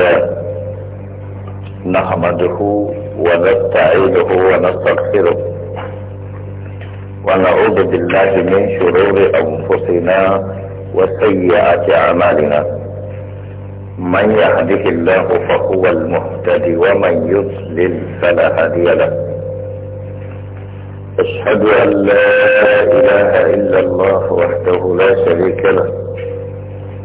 لا نحمده ونستعينه ونستغفره ونعوذ بالله من شرور انفسنا وسيئات اعمالنا من يهده الله فهو المهتدي ومن يضلل فلا هادي له اشهد ان لا اله الا الله وحده لا شريك له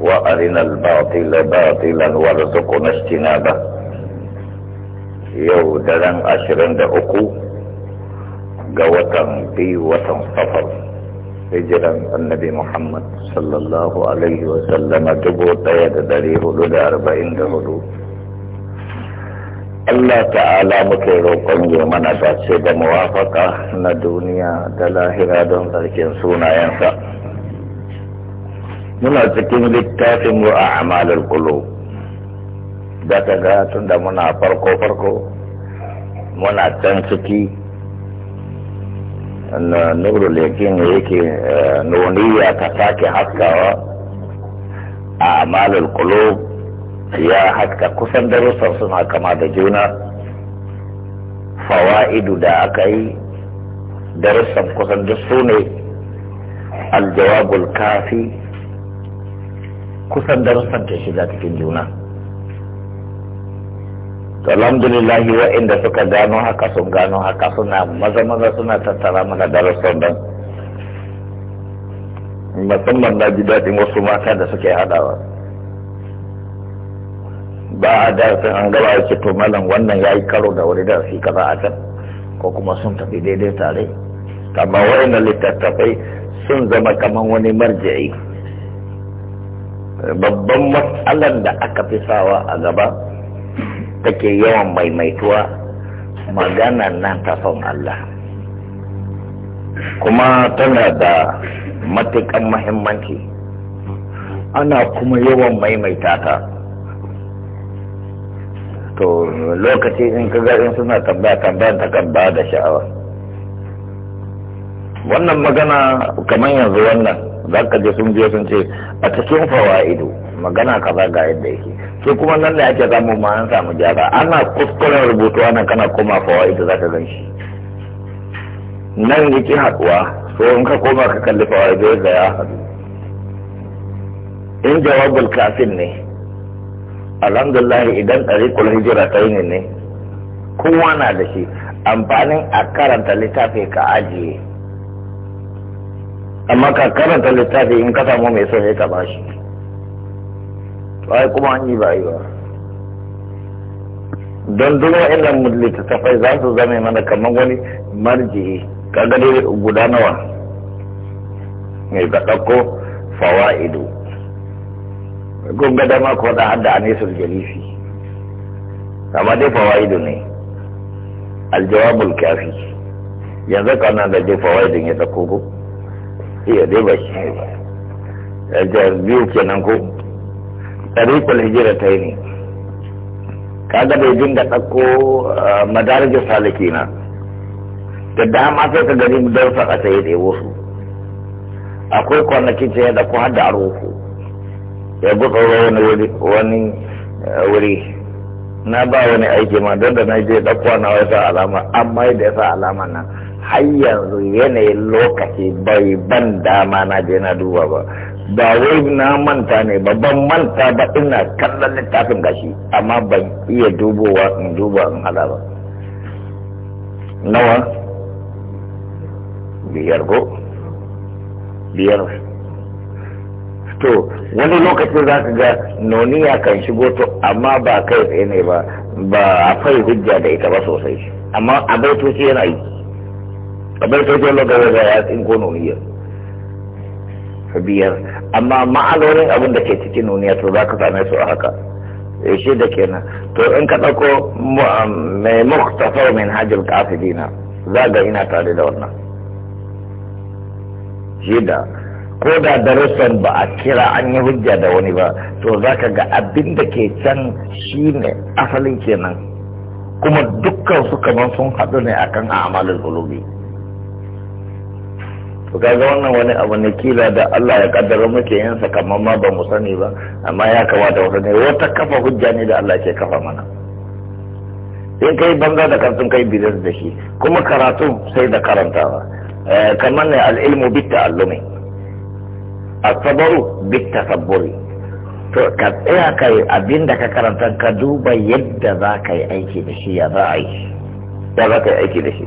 وأرنا الباطل باطلا وارزقنا اجتنابه يو دلن أشرن دأكو قوة في وطن صفر هجرا النبي محمد صلى الله عليه وسلم دبو تيد دريه لدى أربعين دهلو Allah ta'ala muke roƙon ya mana dace da muwafaka na duniya da lahira don sarkin sunayensa. muna cikin littafin wa a amalar kulo da ta ga tun da muna farko-farko muna can ciki na nurul yake eh, noniya ta sake haskawa a amalar kulo ya haska kusan darussan suna kama da juna fawa'idu da aka yi darussan kusan da su ne aljawabul kafi kusan darussan ta shiga cikin juna alhamdulillahi wa'inda suka gano haka sun gano haka suna maza maza suna tattara mana darussan don musamman na ji daɗin wasu mata da suke haɗawa ba a darasin an gaba ya ce to malam wannan ya yi karo da wani darasi kaza a can ko kuma sun tafi daidai tare amma wa'innan littattafai sun zama kaman wani marja'i babban matsalar da aka fi sawa a gaba take yawan maimaituwa magana nan ta son Allah kuma tana da matuƙan mahimmanci ana kuma yawan maimaita ta to lokaci in ka in suna tambaya tambaya ta kan da sha'awa wannan magana kamar yanzu wannan za ka je sun je sun ce a cikin fawa'idu magana kaza ga yadda yake ke kuma nan da ake samu ma an samu gyara ana kuskuren rubutu ana kana koma fawa'idu za ka gan shi nan yake haɗuwa so in ka koma ka kalli fawa'idu ido ya haɗu in jawabul kafin ne alhamdulillah idan ɗariƙul hijira ta ne ne kowa na da shi amfanin a karanta littafi ka ajiye amma ka karanta littafi in ka samu mai son sai ka bashi to ai kuma an yi bayi ba don duk wa'annan littattafai za su zame mana kamar wani marji kaga gani guda nawa mai ga ɗauko fawa'idu kun ga dama ko da hadda anisul jalifi amma dai fawa'idu ne aljawabul kafi yanzu kana da dai fawa'idun ya ɗauko iya dai ba shi ba da biyu kenan ko tarikul hijira ta yi ne kaga bai dinga ɗauko madarajar saliki na da dama sai ka gani don saka sai ya ɗebo su akwai kwanakin ce ya ɗauko har da ya gutsa wani wani wuri na ba wani aiki ma don da na je ɗauko na wata alama amma da ya sa alama nan har yanzu yanayin lokaci bai ban dama na je na duba ba ba wai na manta ne ba ban manta ba ina kallon littafin gashi amma ban iya dubowa in duba in hada ba nawa biyar ko biyar to wani lokacin za ka ga noniya kan shigo to amma ba kai tsaye ne ba ba a fai hujja da ita ba sosai amma a baitoci yana yi kamar ta kai lokacin da ya tsinko nuniyar biyar amma ma'alorin eh, abin da ke cikin nuniya to za ka same su a haka shi da kenan to in ka ɗauko mai muktafar min hajjar kafidina za ga ina tare da wannan shida ko da darussan ba a kira an yi hujja da wani ba to za ka ga abin da ke can shine asalin kenan kuma dukkan su kamar sun haɗu ne akan amalin ulubi. to ga wannan wani abu ne kila da Allah ya kaddara muke yin sa kamar ma ba mu sani ba amma ya kamata wata ne wata kafa hujja ne da Allah ke kafa mana sai kai banza da kansun kai bidas da shi kuma karatu sai da karantawa eh, kamar ne al'ilmu bi ta'allumi as-sabru bi tasabburi to ka tsaya kai abinda ka karanta ka duba yadda za ka yi aiki da shi ya za a yi ya za yi aiki da shi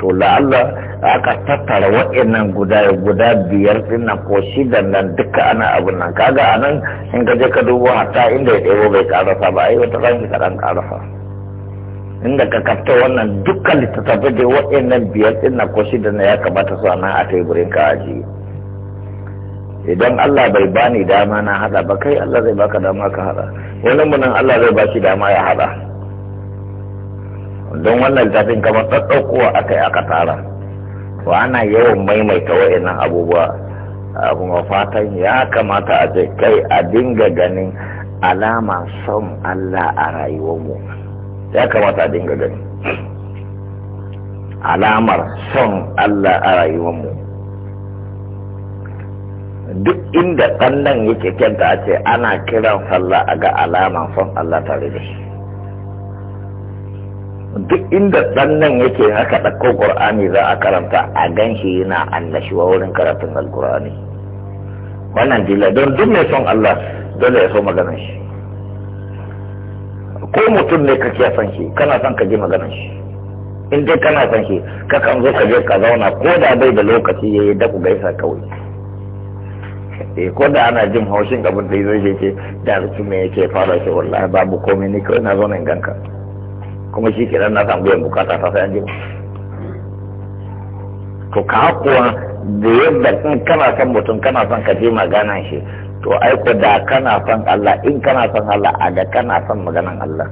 to la'alla aka tattara wa'annan guda guda biyar na ko da nan duka ana abin nan kaga anan in ka je ka dubo hatta inda ya ɗebo bai karasa ba ai wata ran ka dan karasa inda ka kafta wannan duka littattafai da wa'annan biyar dinnan ko na ya kamata su nan a teburin ka aji idan Allah bai bani dama na hada ba kai Allah zai baka dama ka hada wani munan Allah zai ba shi dama ya hada don wannan littafin kamar ɗaɗɗaukowa aka yi aka tara to ana yawan maimaita wa'in abubuwa abubuwa fatan ya kamata a ce kai a dinga ganin alama son Allah a rayuwarmu ya kamata a dinga gani alamar son Allah a rayuwarmu duk inda ɗan nan yake kenta a ce ana kiran sallah a ga alaman son Allah tare da shi duk inda tsannan yake haka ɗauko ƙur'ani za a karanta a gan shi yana annashuwa wurin karatun alƙur'ani wannan dila don duk mai son Allah dole ya so maganar shi ko mutum ne kake son shi kana son ka ji maganar shi in dai kana son shi ka kan zo ka je ka zauna ko da bai da lokaci ya yi daku gaisa kawai eh ko da ana jin haushin abin da zai ce da su me yake fara shi wallahi babu komai ne kawai na zo in ganka kuma shi kiran na samu biyan bukata ta sai an to ka kuwa da yadda in kana son mutum kana son ka je magana shi to aiko da kana son Allah in kana son Allah a da kana san maganan Allah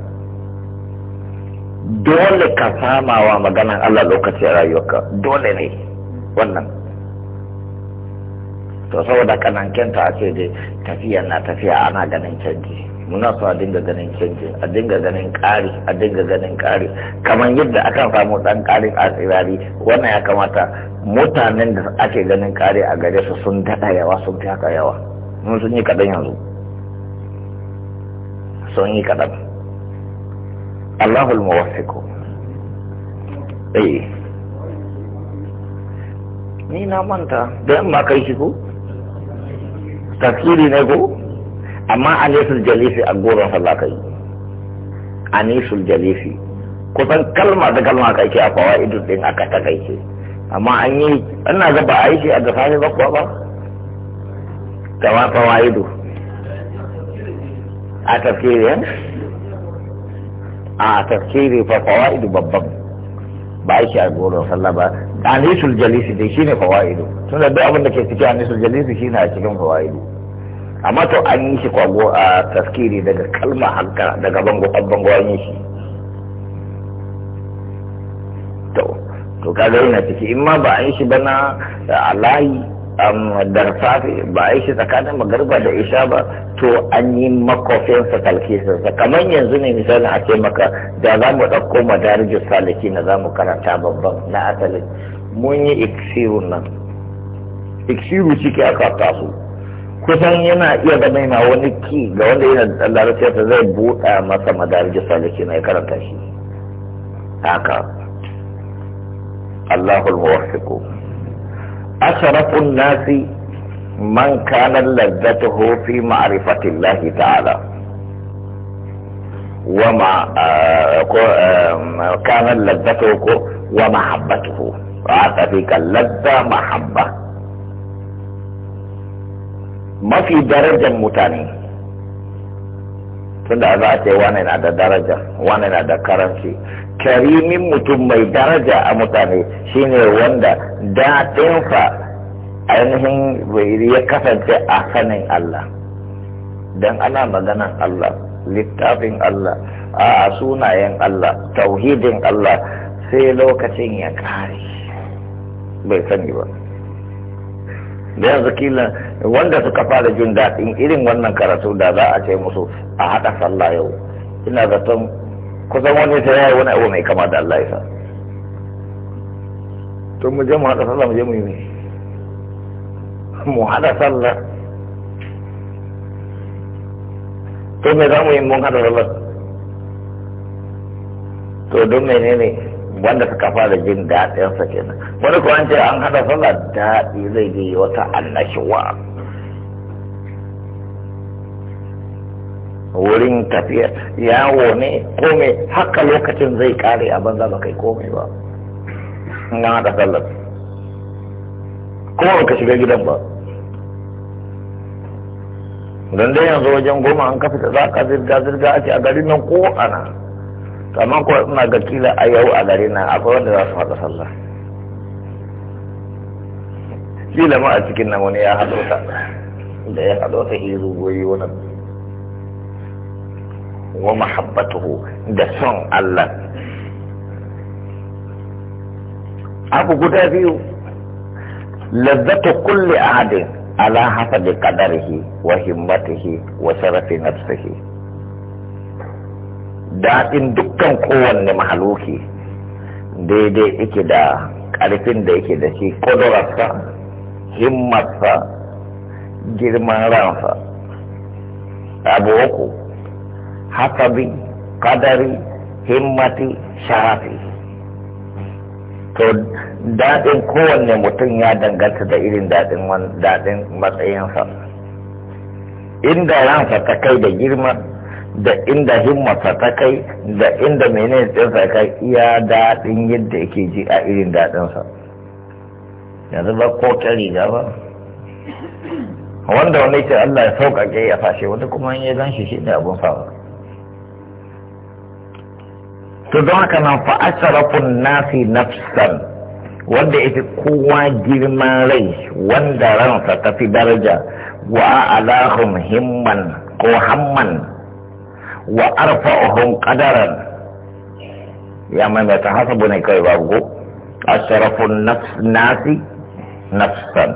dole ka samawa maganan Allah lokacin rayuwarka dole ne wannan to saboda kenta a ce dai tafiya na tafiya ana ganin canji muna so a dinga ganin canji a dinga ganin ƙari a dinga ganin ƙari kamar yadda akan samu ɗan ƙarin a tsirari wannan ya kamata mutanen da ake ganin ƙari a gare su sun daɗa yawa sun fi haka yawa mun sun yi kaɗan yanzu sun yi kaɗan Allahul muwaffiqu eh ni na manta da yamma kai shi ko tafsiri ne ko amma anisul jalisi a goron sa ka yi anisul jalisi kusan kalma da kalma ka ake a idu din aka ta kai ce amma an yi ina ga ba a yi shi a da sani ba kuwa ba kama idu a tafkiri eh? a tafkiri fa idu babban ba a shi a goron sallah ba anisul jalisi dai shine fawaidu tunda duk abin da ke cikin anisul jalisi shine a cikin idu amma to an yi shi kwago a taskiri daga kalma hanka daga bango bango an yi shi to to kaga yana ciki in ma ba an yi shi bana a layi da safi ba a yi shi tsakanin magarba da isha ba to an yi makofinsa kalkisinsa kamar yanzu ne misali a ce maka da za mu ɗauko madarijin saliki na za mu karanta babban na asali mun yi iksiru nan iksiru shi aka taso kusan yana iya zama yana wani ki ga wanda yana da larabci ta zai buɗa masa madarij saliki na ya karanta shi haka Allahul muwaffiqu asharafun nasi man kana ladzatuhu fi ma'rifatillahi ta'ala wa ma ko ومع كان لذته ومحبته وعطى فيك اللذة محبة mafi darajar mutane da za a ce wane na da daraja wane na da karanci karimin mutum mai daraja a mutane shine wanda daɗinsa ainihin ya kasance a sanin Allah don ana maganan Allah littafin Allah a sunayen Allah tauhidin Allah sai lokacin ya kare bai sani ba da yanzu kila wanda suka fara jin daɗin irin wannan karatu da za a ce musu a haɗa sallah yau ina zaton kusan wani sai ya yi wani abu mai kama da Allah sa to mu je mu haɗa sallah mu je mu yi mu haɗa sallah to me za mu yi mun haɗa sallah to don menene wanda suka fara jin daɗinsa kenan wani kuwa an ce an haɗa sallah daɗi zai je wata annashuwa wurin tafiya yawo ne komai haka lokacin zai kare a banza ba kai komai ba na haɗa sallar kuma ka shiga gidan ba don dai yanzu wajen goma an kafa ta za ka zirga zirga ake a garin nan ko ana kamar kuwa suna ga kila a yau a gare nan akwai wanda za su haɗa sallah kila ma a cikin nan wani ya haɗo ta da ya haɗo ta hizu goyi wani wa mahabbatuhu da son Allah abu guda biyu lazzatu kulli ahadin ala hasabi qadarihi wa himmatihi wa sharafi nafsihi daɗin dukkan kowanne mahaluki daidai yake da ƙarfin da yake da shi ƙudurarsa himmarsa girman ransa abu uku hasabi kadari himmati sharafi to daɗin kowanne mutum ya danganta da irin daɗin daɗin matsayinsa inda ransa ta kai da girma da inda himmata ta kai da inda menene tsinsa kai iya daɗin yadda yake ji a irin daɗinsa yanzu ba ko ga ba wanda wani ce Allah ya sauƙaƙe ya fashe wata kuma ya zan shi shi ne abin fawa to don haka nan fa'asarafun nasi nafsan wanda ya fi kowa girman rai wanda ransa ta fi daraja wa alahum himman ko hamman wa arfa'uhum qadaran ya man ta hasabu ne kai babu asharafun nafs nasi nafsan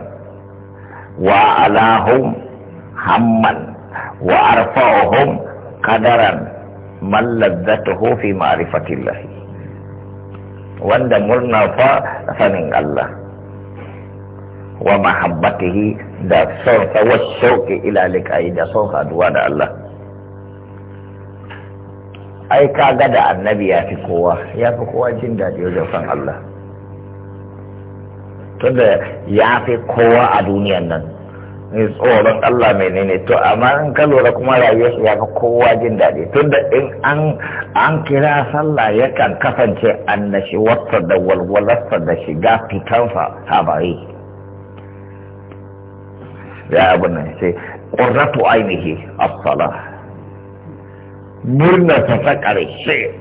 wa alahum hamman wa arfa'uhum qadaran man ladzatuhu fi ma'rifatillah wanda murna fa sanin Allah wa mahabbatihi da son wa shauki ila liqa'i da son duwa da Allah ai ka ga da annabi ya fi kowa ya fi kowa jin daɗi wajen san Allah tunda ya fi kowa a duniyan nan ni tsoron Allah menene to amma in ka lura kuma rayuwar ya fi kowa jin daɗi tunda in an an kira sallah yakan kasance annashi wasa da walwalarsa da shiga fitansa habari eh. ya abu nan sai ƙurratu ainihi as-salah murna ta ta ƙarshe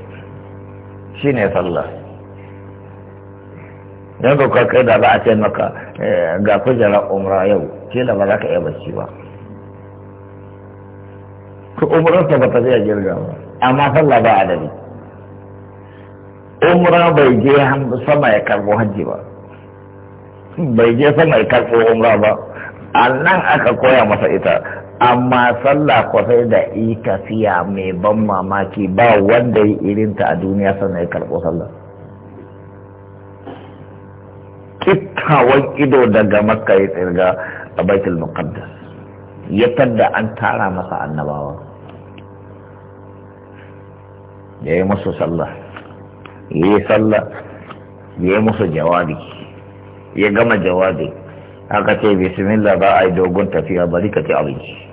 shi ne sallah don ka kai da ba a ce maka eh, ga kujerar umra yau kila ba za ka iya bacci ba ko umrarsa ba ta zai girga ba amma sallah ba adadi umra bai je sama ya karbo hajji ba bai je sama ya karbo umra ba a nan aka koya masa ita amma sallah kwasai da yi tafiya mai ban mamaki ba wanda yi irinta a duniya sannan ya karɓo sallah kittawan ido daga makka ya tsirga a baitul muqaddas ya tadda an tara masa annabawa ya yi musu sallah ya yi sallah ya yi musu jawabi ya gama jawabi aka ce bismillah ba a yi dogon tafiya bari ka ci abinci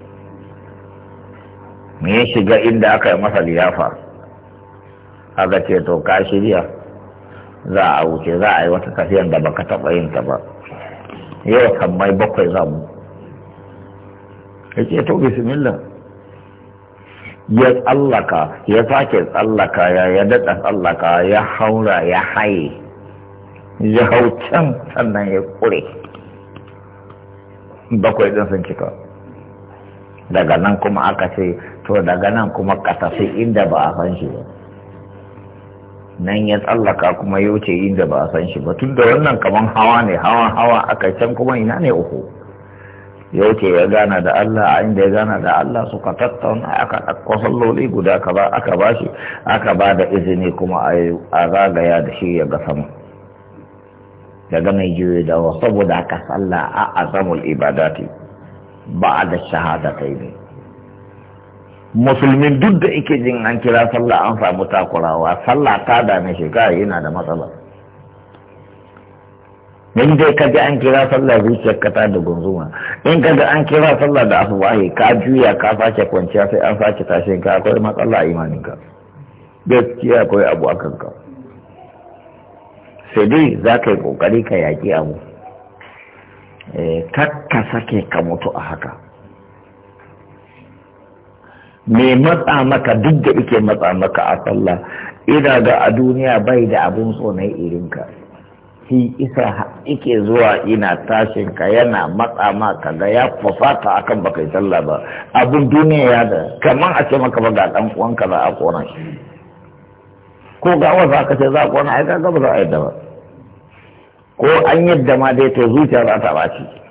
me ya shiga inda aka yi masa liyafa aka ce to ka shirya za a wuce za a yi wata tafiyan da baka taɓa yin ta ba yau kammai bakwai za mu ya ce to bismillah ya tsallaka ya sake tsallaka ya ya daɗa tsallaka ya haura ya haye ya hau can sannan ya ƙure bakwai ɗin sun cika daga nan kuma aka ce to daga nan kuma katafi inda ba a san shi ba nan ya tsallaka kuma ya wuce inda ba a san shi ba tun da wannan kaman hawa ne hawan hawa aka can kuma ina ne uku ya wuce ya gana da Allah a inda ya gana da Allah suka tattauna aka ɗauko salloli guda aka ba shi aka ba da izini kuma a zagaya da shi ya ga sama daga mai da wasu saboda aka sallah a azamul ibadati ba a da shahada yi ne musulmin duk da ike jin an kira sallah an samu takurawa sallah ta dame shi kai yana da matsala in dai ka ji an kira sallah zuciyar ka ta da gunzuma in ka ga an kira sallah da wahi ka juya ka sake kwanciya sai an sake tashi ka akwai matsala a imaninka gaskiya akwai abu a kanka sai dai za ka yi kokari ka yaƙi abu eh, kakka sake ka mutu a haka mai matsa maka duk da ike matsa maka a sallah ina ga a duniya bai da abun na irinka shi isa ike zuwa ina tashin ka yana matsa maka ga ya fafata akan baka yi sallah ba abun duniya ya da kamar a ce maka ba ga dan uwanka ba a kona shi ko ga wasa ka ce za a kona ai ga ba za a yadda ba ko an yadda ma dai to zuciya za ta ɓaci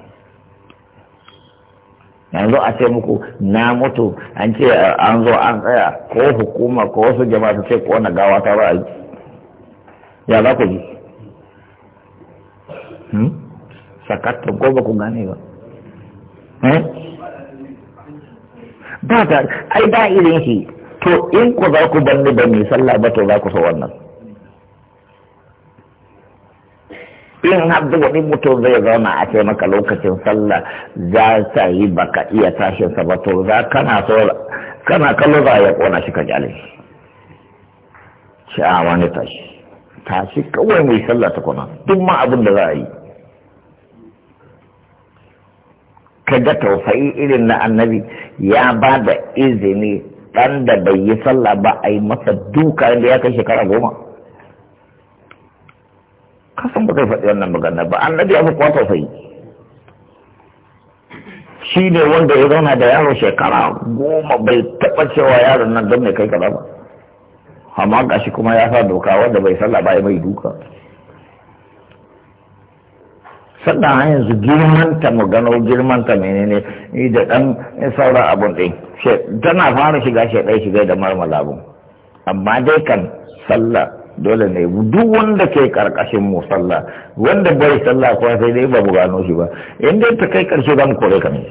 yanzu a ce muku na mutu an ce eh, an zo an tsaya ko hukuma ko wasu jama'a ce ko na gawa ta ba ya za ku ji hmm? sakatta ko ba ku gane ba hmm? ba ta ai ba irin shi to in ku za ku banni ban mai sallah ba to za ku so wannan in har da wani mutum zai zauna a ce maka lokacin sallah za ta yi baka iya tashin sa ba to za kana so kana kallo za ya kona shi ka jale shi a wani tashi tashi kawai mai sallah ta kona duk ma abin da za a yi ka ga tausayi irin na annabi ya ba da izini dan da bai yi sallah ba a yi masa duka inda ya kai shekara goma kasan ba zai faɗi wannan magana ba annabi abu kuwa sai shi ne wanda ya zauna da yaro shekara goma bai taɓa cewa yaron nan don mai kai kaza ba amma gashi kuma ya sa doka wanda bai sallah ba ya mai duka sannan har yanzu girmanta maganar girman girmanta menene ni da ɗan saura abun ɗin tana fara shiga ɗaya shiga da marmala abun amma dai kan sallah dole ne duk wanda ke karkashin mu sallah wanda bai sallah ko sai dai ba mu gano shi ba in dai ta kai karshe kore ka ne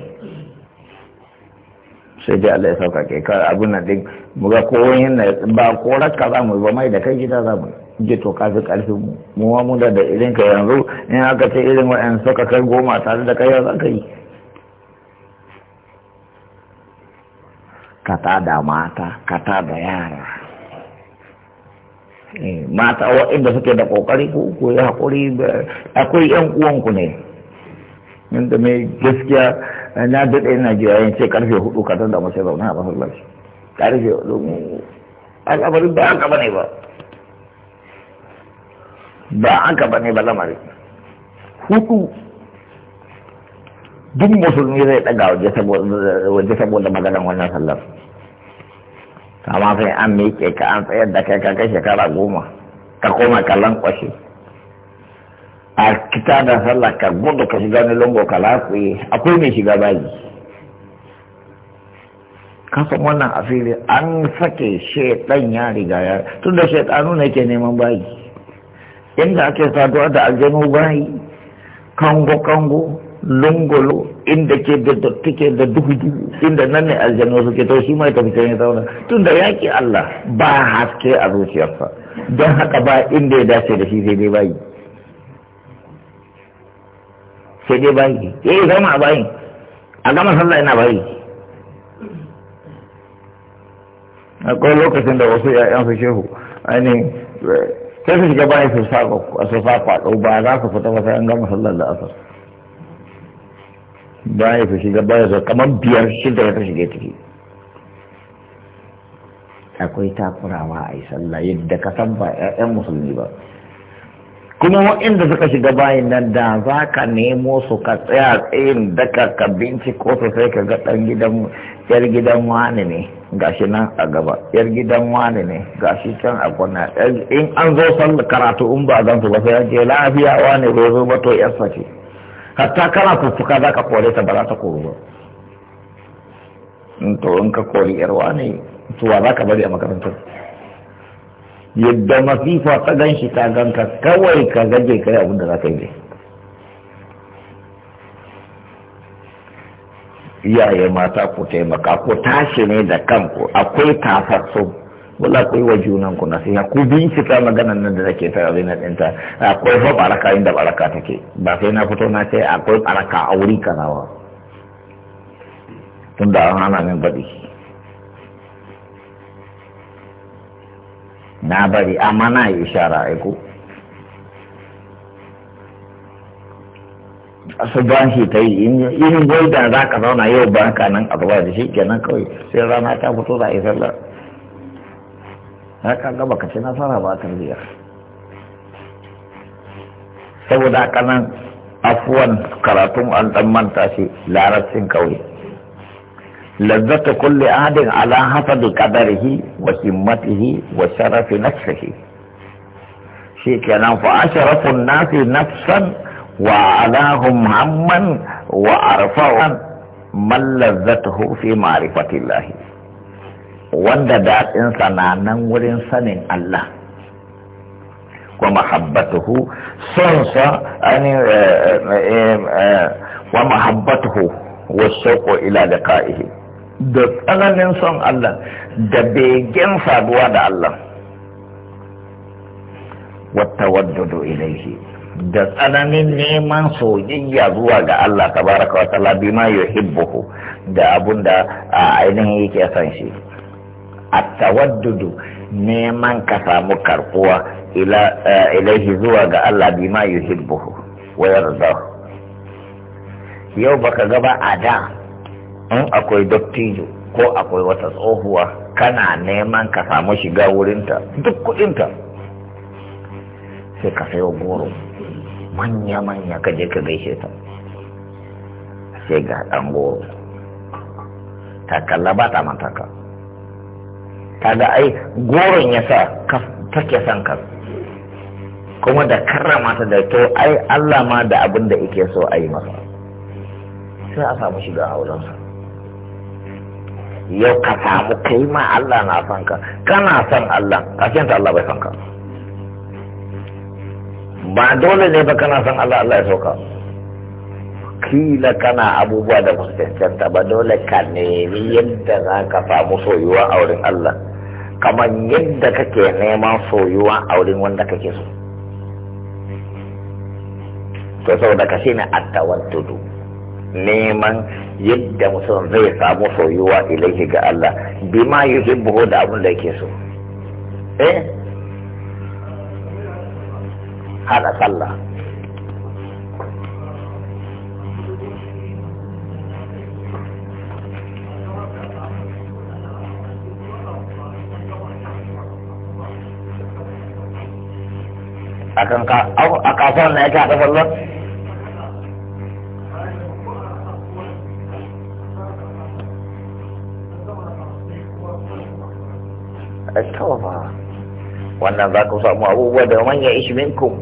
sai dai Allah ya sauka ke ka abin nan din mu ga ko yana ba korar ka za mu ba mai da kai gida za mu je to ka fi karfin mu wa mu da da irin ka yanzu in aka ce irin wa'an suka kai goma tare da kai ya za ka yi kata da mata kata da yara Eh, mata waɗanda suke da kokari ku ko ya haƙuri akwai ƴan uwanku ne inda mai gaskiya na daɗe na jiya yin ce karfe hudu ka da mace zauna a masallaci karfe hudu al'amarin ba kaba ne ba ba kaba ne ba lamari hudu duk musulmi zai ɗaga waje saboda maganar wannan sallar amma sai an miƙe ka an tsayar da kai ka kai shekara goma ka koma kallon kwashe a kita da sallah ka gudu ka shiga wani lungo ka akwai mai shiga bayi kasan wannan asiri an sake shaidan ya riga ya tun da shaidanu ne ke neman bayi inda ake saduwa da aljanu bayi kango kango inda ke da dotti da duhu inda nan ne aljanu suke to shi mai tafi can ya zauna tun da yaƙi Allah ba haske a zuciyarsa don haka ba inda ya dace da shi sai dai bayi sai dai bayi eh zama a bayi a gama sallah ina bayi akwai lokacin da wasu 'ya'yansu shehu ainihin sai su shiga bayan su sa kwaɗo ba za su fita ba sai an gama sallar da asar baya fi shiga baya zo kamar biyar shida ya fi shiga ciki akwai takurawa a yi sallah yadda ka san ba 'ya'yan musulmi ba kuma waɗanda suka shiga bayan nan da za ka nemo su ka tsaya tsayin daka ka binciko su sai ka ga ɗan gidan yar gidan wani ne gashi nan a gaba yar gidan wani ne gashi can a kuna in an zo sallah karatu in ba zan su ba sai an ce lafiya wani bai zo ba to yarsa ce hatta kana fuffuka za ka kore ta ba za ta koro ba to in ka kori yarwa ne tuwa za ka bari a makarantar yadda masifa ta gan shi ta ka kawai ka gaje kai abin da za ka yi iyaye mata ku taimaka ku tashi ne da kanku akwai so wala ku yi wa junan ku nasiha ku bincika maganan nan da take ta abin nan ɗinta akwai ba baraka inda baraka take ba sai na fito na ce akwai baraka a wuri kanawa tun da an hana min baɗi na bari amma na yi ishara aiko shi ta yi in wai da za ka zauna yau ba ka nan zuwa da shi kenan kawai sai rana ta fito za a yi sallar ya kaga baka ci nasara ba tarbiyyar saboda haka afuwan karatun an dan manta shi larabcin kauye lazzata kulli adin ala hasabi qadarihi wa himmatihi wa sharafi nafsihi kenan fa asharafun nasi nafsan wa alahum hamman wa arfa'an man lazzatuhu fi ma'rifatillahi wanda daɗinsa na nan wurin sanin Allah wa mahabbatuhu son sa eh, eh, eh, wa mahabbatuhu wa shauqu ila liqa'ihi da tsananin son Allah da begen saduwa da Allah wa tawaddudu ilaihi da tsananin neman soyayya zuwa ga Allah tabaraka wa ta'ala bima yuhibbuhu da abunda a ainihin yake san shi at-tawaddudu neman ka samu karbuwa ila eh, ilaihi zuwa ga Allah bima yuhibbu wa yarda yau baka gaba a da in akwai dattijo ko akwai wata tsohuwa kana neman ka samu shiga wurinta duk kudinta sai ka sayo goro manya-manya ka je ka gaishe ta sai ga dan goro takalla ba ta mataka kaga ai goron ya sa take son ka kuma da karrama ta da to ai Allah ma da abin da yake so a yi masa sai a samu shiga haulansa yau ka samu kai ma Allah na son ka kana son Allah kafin ta Allah bai son ka ba dole ne ba kana son Allah Allah ya sauka kila kana abubuwa da cancanta ba dole ka nemi yadda za ka samu soyuwa a wurin Allah kamar yadda kake neman soyuwa a wurin wanda kake so to saboda ka shine attawattudu neman yadda mutum zai samu soyuwa ilaihi ga Allah bi ma yuhibbu da abun da yake so eh hada sallah akan ka abu a kasuwan na yake a kasar nan astawa wannan za ku samu abubuwa da manya ishminkum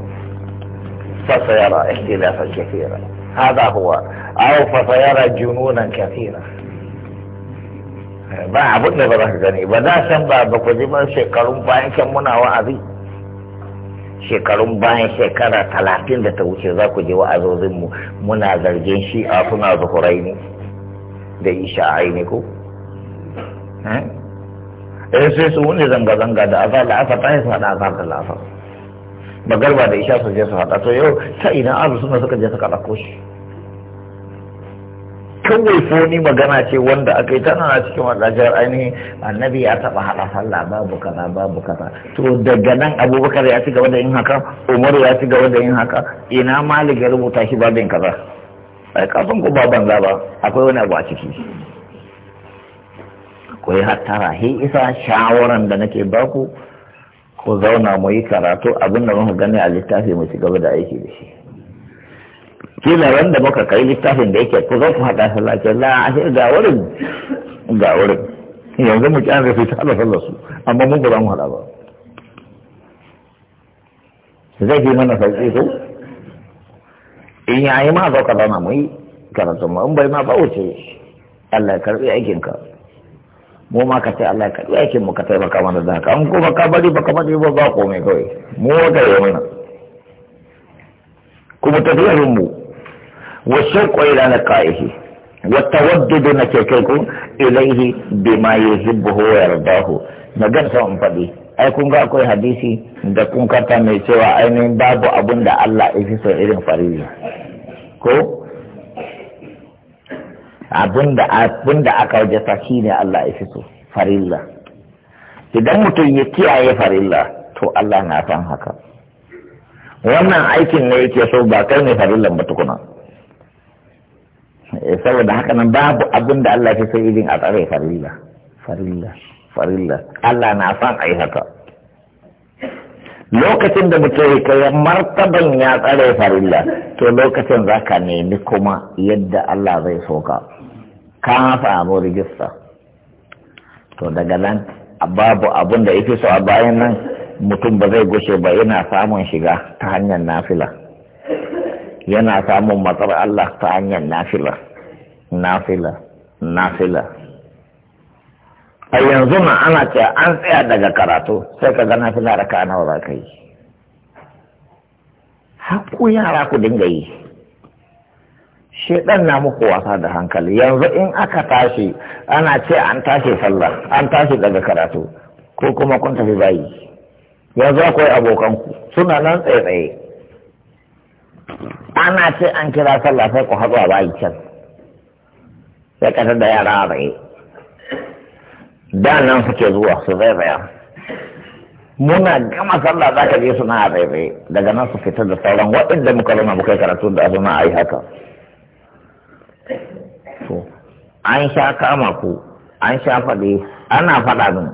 فسيرى اختلافا كثيرا هذا هو او فسيرى jununan kafira ba abun da ba za ka gani ba da san ba ba ku ji ba shekarun bayan kan muna wa'azi shekarun bayan shekara talatin da ta wuce za ku je wa'azozinmu muna zargin shi a suna zuhurai ne da a ne ko eh, eh sai su wani zanga-zanga da azar da asa tayi su haɗa azar da lafa magarba da isha su je su haɗa to yau ta ina azu suna suka je suka ɗauko shi kawai foni magana ce wanda aka yi tana cikin wadajar ainihin annabi ya taɓa hada sallah babu kaza babu kaza to daga nan abubakar ya ci gaba da yin haka Umar ya ci gaba da yin haka ina malik ya rubuta shi babin kaza ai kafin ku ba banza ba akwai wani abu a ciki ku yi hattara he isa shawaran da nake baku ku zauna mu yi karatu abin da muka gani a littafi mu ci gaba da aiki da shi kila wanda muka kai littafin da yake ku zan faɗa sallace la ashe ga wurin ga wurin yanzu mu kyan rufe ta haɗa sallar su amma mun ba mu haɗa ba zai fi mana sauƙi ko in ya yi ma zo ka zama mu yi karatu ma in bai ma ba wuce Allah ya karɓi ka mu ma ka ce Allah ya karɓi aikin mu ka taimaka mana da haka an kuma ka bari ba ka bari ba ba komai kawai mu wata yi mana kuma tafiyar mu والشوق إلى لقائه والتودد نكيكيكو إليه ko Na ويرضاه sama سوء faɗi. ai kun ga akwai hadisi da kun kata mai cewa ainihin babu abin da Allah ya fi so irin farilla ko abin da aka waje shi ne Allah ya fi so farilla idan mutum ya kiyaye farilla to Allah na san haka wannan aikin ne yake so ba kai ne farillan ba tukuna Eh, saboda haka nan babu abin da Allah ke sai irin a tsare farilla farilla farilla Allah na san a haka lokacin da mutum kai martaban ya tsare farilla to lokacin za ka nemi kuma yadda Allah zai so ka ka samu rijista to daga nan babu abin da yake so a bayan nan mutum ba zai gushe ba yana samun shiga ta hanyar nafila yana samun matsar Allah ta hanyar nafila nafila nafila a yanzu ma ana ce an tsaya daga karatu sai ka ga nafila raka kana za ka yi haku yara ku dinga yi shedan na muku wasa da hankali yanzu in aka tashi ana ce an tashi sallah an tashi daga karatu ko kuma kun tafi bayi yanzu akwai abokanku suna nan tsaye-tsaye ana ce an kira sallah sai ku haɗu a bayi can sai ka da yara a raye da nan suke zuwa su raya. muna gama sallah za ka je suna a zaizai daga nan su fitar da sauran waɗanda muka zama muka karatu da suna a yi haka an sha kama ku an sha faɗi ana faɗa min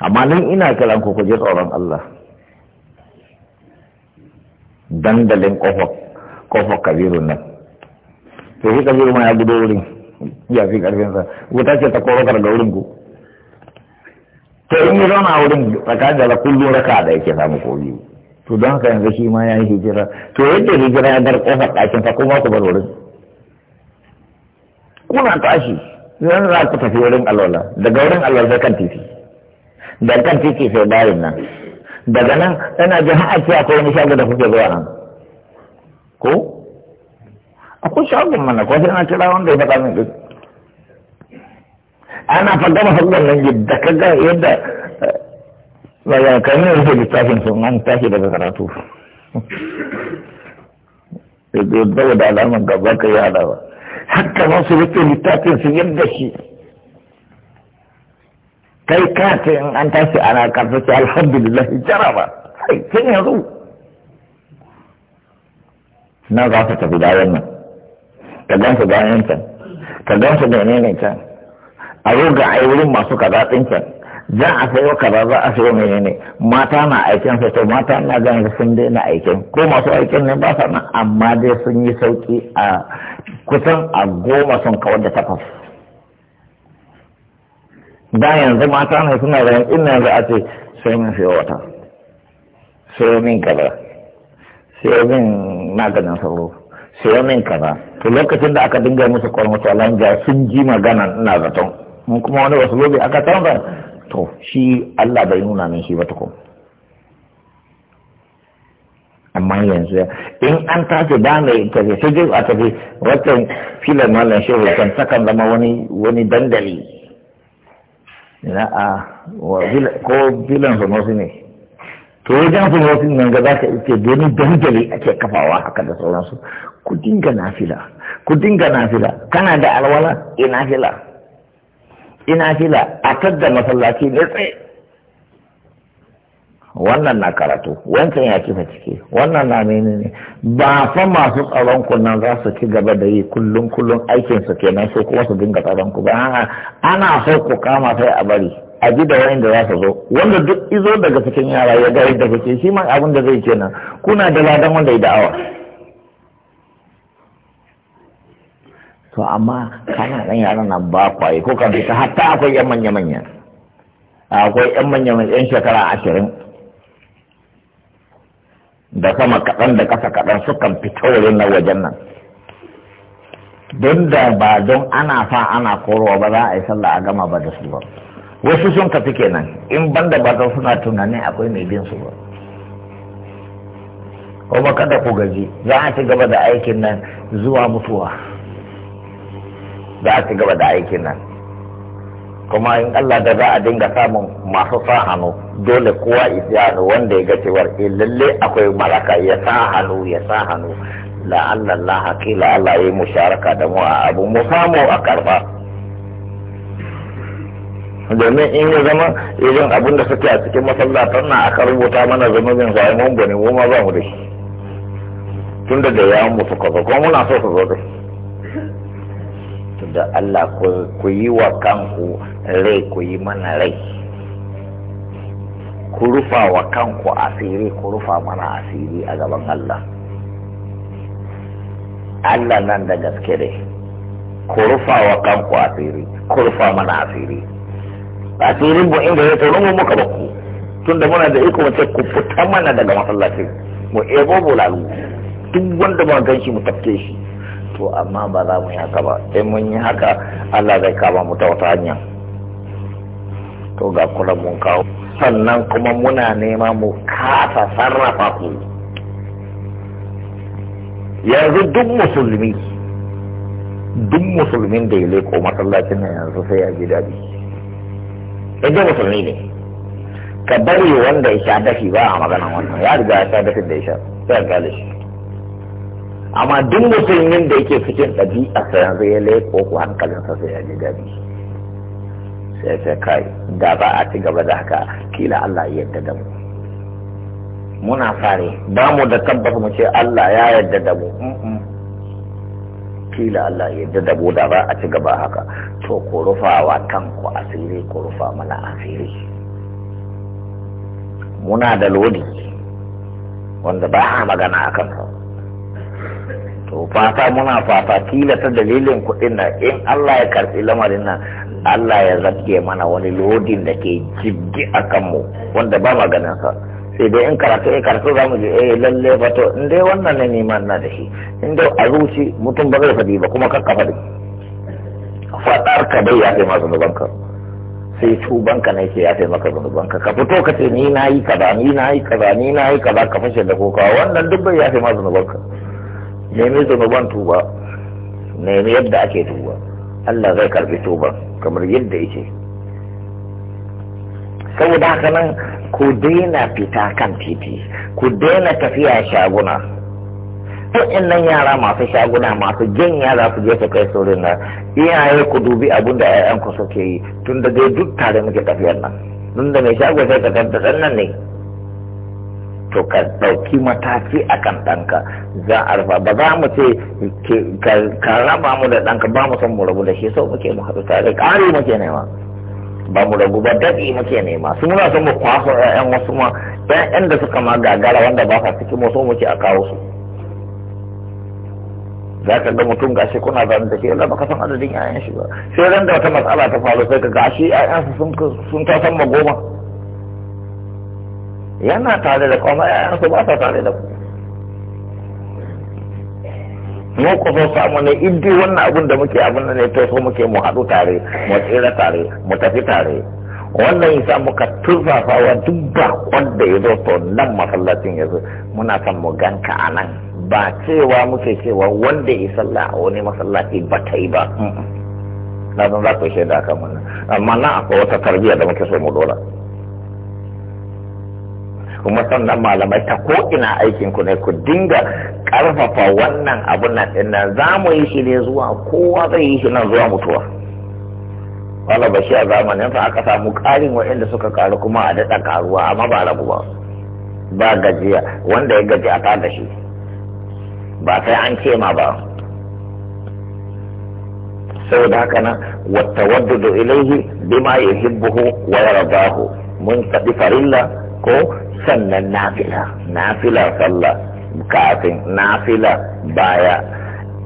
amma nan ina kiran ku je tsoron Allah dandalin ƙofar Kabiru nan to shi kabiru ma ya gudo wurin ya fi karfinsa wuta ce ta koro daga wurin ku to in yi zauna wurin tsakanin da kullum raka da yake samu ko biyu to don haka yanzu shi ma ya yi hijira to yadda hijira ya bar kofar ɗakin fa kuma ku bar wurin kuna tashi zan za ku tafi wurin alwala daga wurin alwala kan titi da kan titi sai bayan nan daga nan yana jin har a cewa akwai wani shago da kuke zuwa nan ko akwai shagon mana ko sai na kira wanda ya faɗa min duk ana faɗa masa wannan yadda ka ga yadda daga eh, kanin rufe littafin sun an tashi daga karatu da dawo da alamar gaba ka yi halawa haka ma su rufe littafin su yadda shi kai ka ce in an tashi ana karfi ce alhamdulillah jaraba sai yanzu na za su tafi da wannan ka gansu da can ka gansu menene can a ruga a wurin masu kaza ɗin can za a sayo kaza za a sayo menene mata na aikin sai to mata na ganin sun na aikin ko masu aikin ne ba sa nan amma dai sun yi sauki a kusan a goma sun kawar da takwas da yanzu mata ne suna da ina yanzu a ce sai min fi wata sai min kaza sai min maganin sauro sai min kaza to lokacin da aka dinga musu kwarmata ja sun ji magana na zaton mun kuma wani wasu lobi aka canza to shi Allah bai nuna min shi ba tukun amma yanzu in an tafi ba ta tafi sai dai a tafi watan filan mallan shehu kan sakan zama wani wani dandali na a ko filan su ne to fi fulofin nan ga za ka iske domin dangale ake kafawa haka da sauransu ku dinga nafila ku dinga nafila kana da alwala ina fila ina fila a tadda masallaci ne tsaye wannan na karatu wancan ya kifa ciki wannan na ne ba fa masu tsaron ku nan za su ci gaba da yi kullum kullum aikin su kenan sai kuma su dinga tsaron ku ba ana so ku kama sai a bari a ji da za su zo wanda duk izo daga cikin yara ya ga yadda kuke shi ma abin da zai kenan kuna da ladan wanda ya da'awa to amma kana ɗan yaran nan ba kwaye ko kan fita hatta akwai yan manya manya akwai yan manya manya yan shekara ashirin da sama kaɗan da ƙasa kaɗan sukan fita wurin na wajen nan don da ba don ana fa ana korowa ba za a yi sallah a gama ba da su ba wasu sun kafi kenan in ban da ba suna tunanin akwai mai bin su ba kuma kada ku gaji za a ci gaba da aikin nan zuwa mutuwa za a ci gaba da aikin nan kuma in Allah da za a dinga samun masu sa hannu dole kowa hannu wanda ya ga cewar eh lalle akwai maraka ya sa hannu ya sa hannu la'allah Allah la haƙi Allah ya yi musharaka da mu a abu mu samu a karba domin in ya zama irin abin da suke a cikin masallatan na aka rubuta mana zunubin zai mun gani mu ma za mu da shi tun da ya mu suka zo kuma muna so su zo dai da Allah ku yi wa kanku rai ku yi mana rai ku rufa wa kanku asiri ku rufa mana asiri a gaban Allah Allah nan da gaske dai ku rufa wa kanku asiri ku rufa mana asiri a tirin bu inda ya tsoron mu muka bakku tunda muna da iko mace ku fita mana daga masallaci mu ebo bulalu duk wanda ba gan shi mu tafke shi to amma ba za mu yi haka ba sai mun yi haka Allah zai kama mu ta wata hanya to ga kula mun kawo sannan kuma muna nema mu kasa sarrafa ku yanzu duk musulmi duk musulmin da ya leko masallacin nan yanzu sai ya ji daɗi idan musulmi ne ka bari wanda ya sha dafi ba a maganan wannan ya riga ya sha dafi da ya sha sai ka shi amma duk musulmin da yake cikin ɗabi'a a yanzu ya leko ko sa sai ya ji daɗi sai sai kai da ba a ci gaba da haka kila Allah ya yarda da mu muna fare ba mu da tabbas mu ce Allah ya yarda da mu kila Allah ya da dabo da ba a ci gaba haka to ku rufa wa kanku asiri ku rufa mana asiri muna da lodi wanda ba a magana a kansa to fata muna fata kila ta dalilin kuɗin na in Allah ya karɓi lamarin nan Allah ya zarge mana wani lodin da ke jibgi a kanmu wanda ba maganansa sai dai in karatu ya karatu za mu je eh lalle ba to in dai wannan ne neman na da shi in dai a zuci mutum ba zai faɗi ba kuma kakka faɗi faɗar ka dai ya taimaka zunuban ka sai ka ne ke ya taimaka zunuban ka ka fito ka ce ni na yi kaza ni na yi kaza ni na yi kaza ka fashe da koka wannan duk bai ya taimaka zunuban ka nemi zunuban tuba nemi yadda ake tuba Allah zai karbi tuba kamar yadda yake saboda haka nan ku daina fita kan titi ku daina tafiya shaguna nan yara masu shaguna masu janya yara su je su kai saurin nan iyaye ku dubi abin da ku suke yi tun da dai duk tare muke tafiyar nan tun da mai shago sai ka dan nan ne to ka ɗauki mataki a kan ɗanka za a rufa ba za mu ce ka raba mu da danka, ba mu san mu rabu da shi sau muke mu haɗu tare ƙari muke nema. ba mu ragu ba daɗi muke nema su muna son mu kwaso ƴaƴan wasu ma ƴaƴan da suka ma gagara wanda ba sa cikin wasu muke a kawo su za ka ga mutum gashi kuna zan da ke Allah baka san adadin ƴaƴan shi ba sai ran da wata matsala ta faru sai ka gashi ƴaƴan su sun sun ta san goma yana tare da kuma ƴaƴan su ba sa tare da ku mu ku so samu ne in dai wannan abin da muke abin da ne to so muke mu haɗu tare mu tsira tare mu tafi tare wannan yasa muka turfafa wa duk ba wanda ya zo to nan masallacin ya zo muna son mu ganka a nan ba cewa muke cewa wanda ya sallah a wani masallaci ba ta yi ba na zan za ku shaida kan wannan amma nan akwai wata tarbiyya da muke so mu dora kuma sannan malamai ta ko ina aikin ku ne ku dinga karfafa wannan abun nan din nan za mu yi shi ne zuwa kowa zai yi shi nan zuwa mutuwa wala ba shi a zamanin sa aka samu karin waanda suka karu kuma a daɗa karuwa amma ba rabu ba ba gajiya wanda ya gaji a tada shi ba sai an ce ma ba saboda haka nan wata da ilaihi bima yuhibbuhu wa yardahu mun faɗi farilla ko sannan nafila nafila sallah kafin nafila baya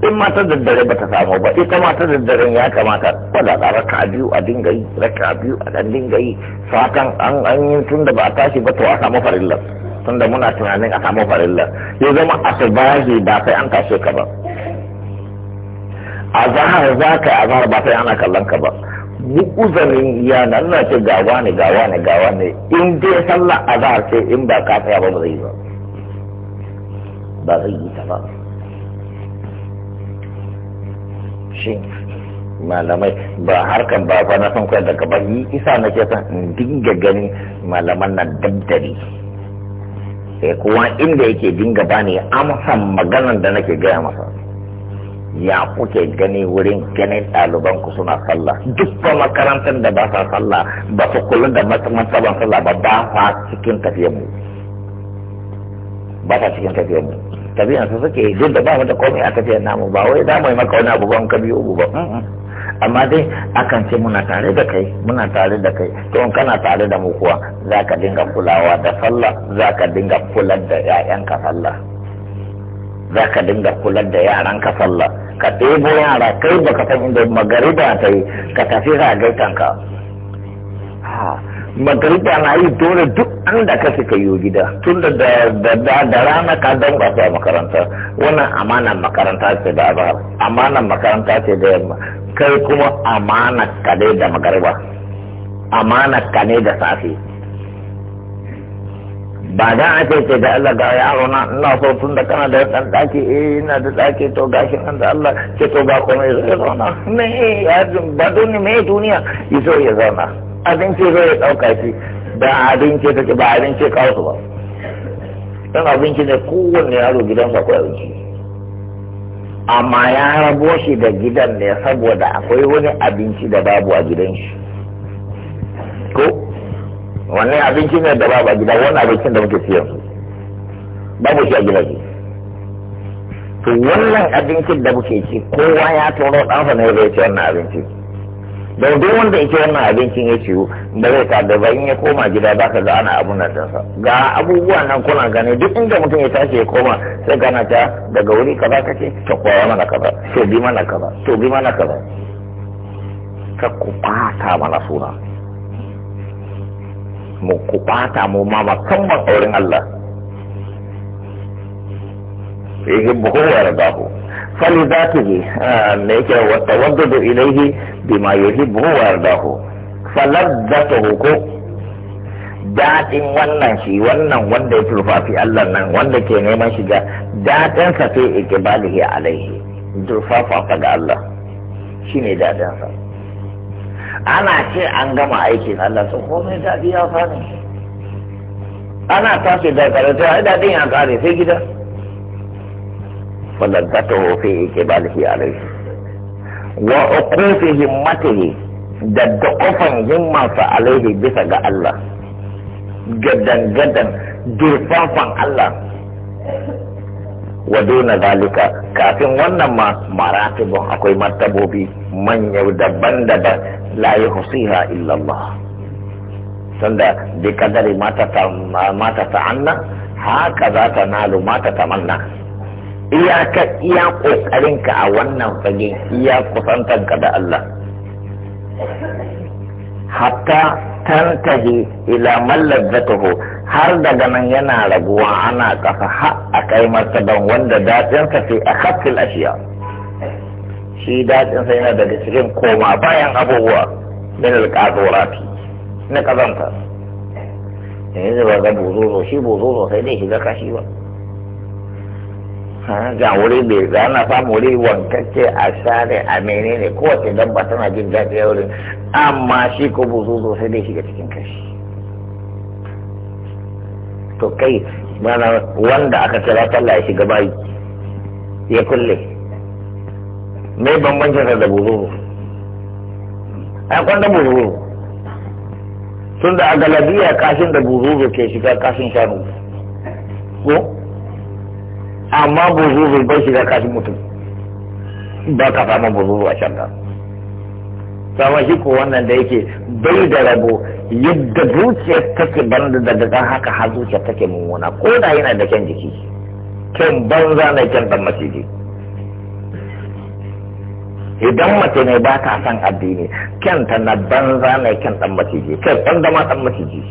in matar daddare ba ta samu ba ita matar daddare ya kamata kwada da raka biyu a dinga yi raka biyu a dan dinga yi fatan an an yi tun da ba a tashi ba to a samu farilla tun da muna tunanin a samu farilla ya zama a asubahi ba sai an tashe ka ba a zahar za ka a zahar ba sai ana kallon ka ba ni uzanin ya nan na ce gawa ne gawa ne gawa ne in dai sallah azhar ce in ba ka tsaya ba ba zai yi ba ba zai yi ta ba shi malamai ba harkan ba fa na son koyar da gaba yi isa na ke san in dinga ganin malaman nan daddare sai eh, kowa inda yake dinga bani amsan maganan da nake gaya masa ya kuke gani wurin ganin ɗaliban ku suna sallah duk ba makarantar da ba sa sallah ba su kula da matsaban sallah ba ba sa cikin tafiyar mu ba sa cikin tafiyar mu tafiyar su suke duk da ba mu da komai a tafiyar namu ba wai za mu yi maka wani abu kabi ka biyo ubu ba amma dai akan ce muna tare da kai muna tare da kai to in kana tare da mu kuwa za ka dinga kulawa da sallah za ka dinga kula da 'ya'yanka sallah za ka dinga kular da yaran ka sallah ka ɗebo yara kai ba ka san inda magariba ta yi ka tafi ka magariba na yi dole duk an da ka ka yi gida tun da da rana ka don ba a makaranta wannan amanan makaranta ce da ba amanan makaranta ce da yamma kai kuma amanar ka ne da magariba amanar ka ne da safe ba da a ce ce da Allah ga yaro na ina so tun da kana da dan daki eh ina da daki to gashi nan da Allah ce to ba komai zai zauna ne ya ba dole me duniya yaso ya zauna abinci zai ya dauka shi da abinci take ba abinci kawo su ba dan abinci ne kowanne yaro gidansa akwai abinci amma ya rabo shi da gidan ne saboda akwai wani abinci da babu a gidan shi ko wannan oh. abinci ne da babu a gida wannan abincin da muke siyan su babu shi a ce to wannan abincin da muke ci kowa ya turo ɗansa ne zai ci wannan abinci don duk wanda ya ci wannan abincin ya ciwo da zai ta da bayan ya koma gida ba ka ga ana abun nan ga abubuwa nan kuna gani duk inda mutum ya tashi ya koma sai gana ta daga wuri kaza ce, ta kowa mana kaza to bi mana kaza to bi mana kaza ka ku ta mana suna mu ku mu ma musamman auren Allah Fali ilaihi wa yardahu فلذاته ميك والتودد إليه bahu. يحبه za ta كو daɗin wannan shi wannan wanda ya turfafi Allah nan wanda ke neman shiga sa fi ikibalihi alaihi turfafa ga Allah shine sa. ana ce an gama aikin Allah sun komai daɗi ya fara ana tashi da karatu ai daɗin ya kare sai gida fadadata hofe yake ba lafi a rai wa ukufi himmatihi da da'ufan himmansa alaihi bisa ga Allah gadan-gadan durfafan Allah wa dona zalika kafin wannan ma maratubun akwai martabobi manyan daban-daban la yuhsiha illa illallah sanda bi kadari mata ta mata haka za ta nalu mata ta manna. ka iya kokarin a wannan fage iya kusantar ka da Allah hatta tantahi ila man ladzatuhu har daga nan yana raguwa ana kasa har a kai martaban wanda daɗinsa fi akhafil ashiya shi daɗin sa yana daga cikin koma bayan abubuwa min alƙadorati na ƙazanta eh, yanzu ba ga bozozo shi bozozo sai dai shiga kashi ba ga wuri bai zana samu wuri wankacce a share a menene kowace ba tana jin daɗi a wurin amma shi ko bozozo sai dai shiga cikin kashi to kai mana wanda aka kira sallah ya shiga bayi ya kulle mai bambancin da buzuru akwai da buzuru tun da a galabiya kashin da buzuru ke shiga kashin shanu ko amma buzuru bai shiga kashin mutum ba ka fama buzuru a can sama shi ko wannan da yake bai da rabo yadda zuciyar take banda daga kan haka har zuciyar take mummuna ko da yana da kyan jiki kyan banza na kyan dan masiji. idan mace ne ba ta san addini kyanta na banza ne kyan dan maciji kyan dan dama dan maciji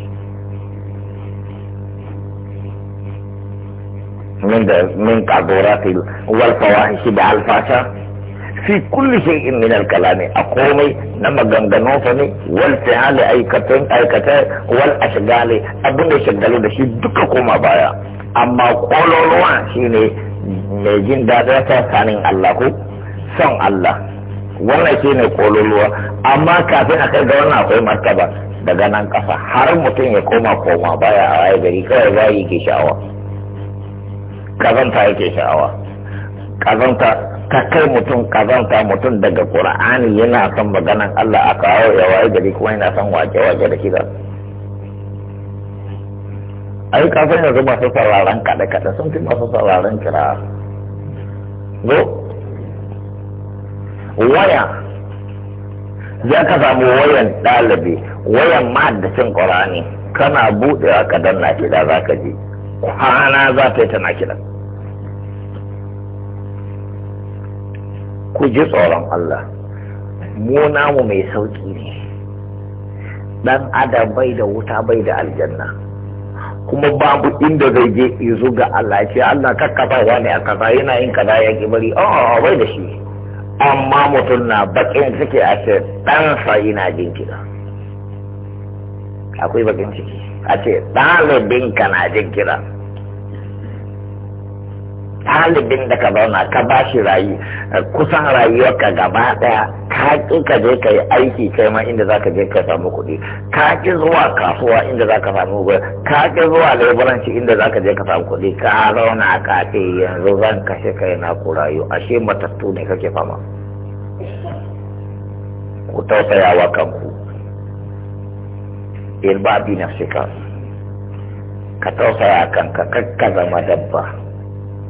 min da min fil wal fawahishi da alfasha fi kulli shay'in min al kalami a komai na maganganun sa ne wal fi'ali aikatan aikata wal ashgali abin da shagalu da shi duka koma baya amma kololuwa shine mai jin dadin tsakanin Allah ko son Allah wannan shi ne kololuwa amma kafin a kai ga wannan akwai martaba daga nan ƙasa har mutum ya koma koma baya a waye gari kawai za yi ke sha'awa kazanta yake sha'awa kazanta ta kai mutum kazanta mutum daga ƙura'ani yana son maganan Allah a kawo ya waye gari kuma yana son wake-wake da kidan ai kafin yanzu masu sauraron kaɗe-kaɗe sun fi masu sauraron kira waya za ka samu wayan ɗalibi wayan ma'addacin ƙorani kana buɗewa ka danna kiɗa za ka ji kwana za ta yi tana kiɗa ku ji tsoron Allah mu namu mai sauƙi ne ɗan adam bai da wuta bai da aljanna kuma babu inda zai je izu ga Allah ce Allah kakkafa ne a kaza yana yin kaza ya bari a bai da shi amma mutum na bakin ciki a ce ɗansa yana jin kiɗa akwai bakin ciki a ce ɗalibinka na jin kiɗa ɗalibin da ka zauna ka ba shi rayu kusan rayuwarka gaba ɗaya ka ƙi ka je ka yi aiki kai ma inda za ka je ka samu kuɗi ka ƙi zuwa kasuwa inda za ka samu kuɗi ka ƙi zuwa leburanci inda za ka je ka samu kuɗi ka zauna ka ce yanzu zan kashe kai na ku rayu ashe matattu ne kake fama ku tausayawa kanku in ba bi nafsika ka tausaya kanka kakka zama dabba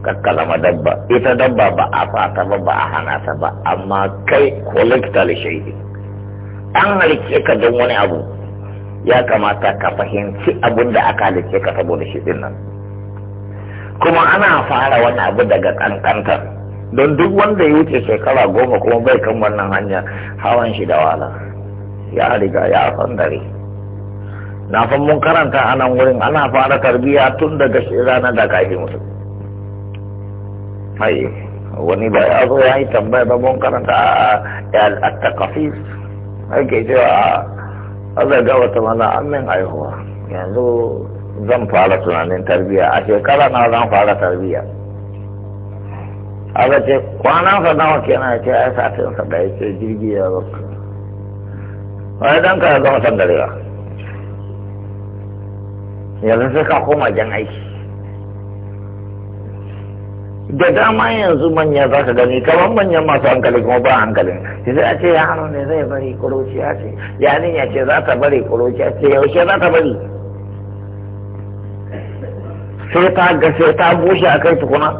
kakkalama dabba ita dabba ba a fata ba ba a hana ta ba amma kai kolekta da shaidi an halice ka don wani abu ya kamata ka fahimci abin da aka halice ka saboda shi din nan kuma ana fara wani abu daga kankanta don duk wanda ya wuce shekara goma kuma bai kan wannan hanya hawan shi da wala ya riga ya san dare. na san mun karanta a nan wurin ana fara tarbiyya tun daga shi rana da kafin mutum mai wani ba ya zo ya yi tambaya ba mun karanta a mai ke cewa Allah ga wata mana an min haihuwa yanzu zan fara tunanin tarbiyya a shekara na zan fara tarbiyya aka ce kwanan sa nawa kenan ya ce a yi satin sa da ce jirgi ya zo wai dan ka zama sandarewa yanzu sai ka koma jan aiki da dama yanzu manya za ka gani kamar manyan masu hankali kuma ba hankalin sai a ce yaro ne zai bari kuruciya ce yanin ya ce za ta bari kuruciya ce yaushe za ta bari sai ta ga sai ta bushe a kai tukuna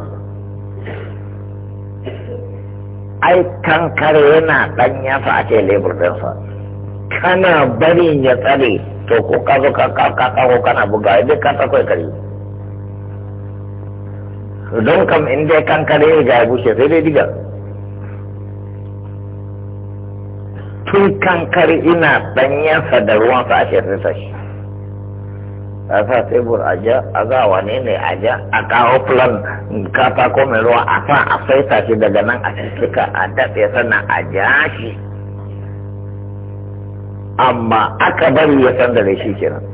ai kankare yana ɗanya fa ake ce lebur ɗinsa kana barin ya tsare to ko ka zo ka ka ka kana buga idan ka ta kai kare don kam in dai kankare ya ga bushe sai dai diga tun kankare ina danyensa da ruwansa ake sai shi a sa tebur a ja a za wane ne a ja a kawo filan katako mai ruwa a sa a saita shi daga nan a cikin a daɗe sana a ja shi amma aka bari ya sandare shi kenan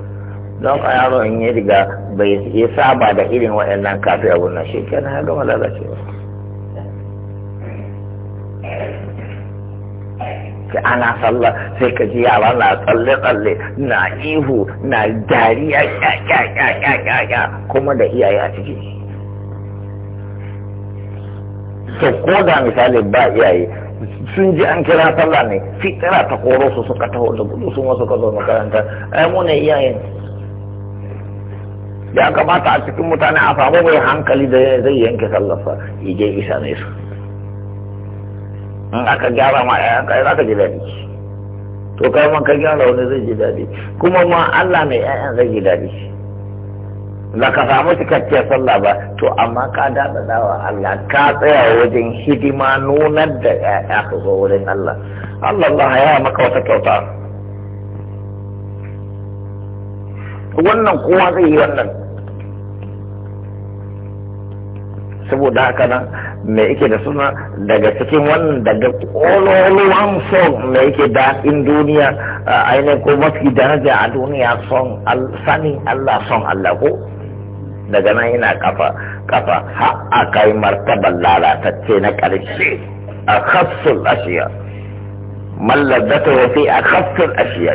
don a yaro in ya riga bai yi saba da irin waɗannan kafin abun na shi kenan ya gama lalacewa sai ana sallah sai ka ji yara na tsalle tsalle na ihu na dariya ya kuma da iyaye a ciki ko da misali ba iyaye sun ji an kira sallah ne fitira ta suka taho da wasu zo makaranta ai mu ya kamata a cikin mutane a samu mai hankali da zai yanke sallarsa ije isa ne su in aka gyara ma ya kai za ka ji daɗi to kai man ka gyara wani zai ji daɗi kuma ma Allah mai ƴaƴan zai ji daɗi ba ka samu cikakkiyar sallah ba to amma ka da dawa Allah ka tsaya wajen hidima nunar da ƴaƴa ka zo wurin Allah Allah ya maka wata kyauta wannan kowa zai yi wannan saboda haka nan me yake da suna daga cikin wannan daga ƙololuwan son me yake daɗin duniya ainihin ko mafi daraja a duniya son Sani, Allah son Allah ko daga nan yana kafa kafa har a kai martabar lalatacce na ƙarshe a khassul ashiya mallazata wa wafi a khassul ashiya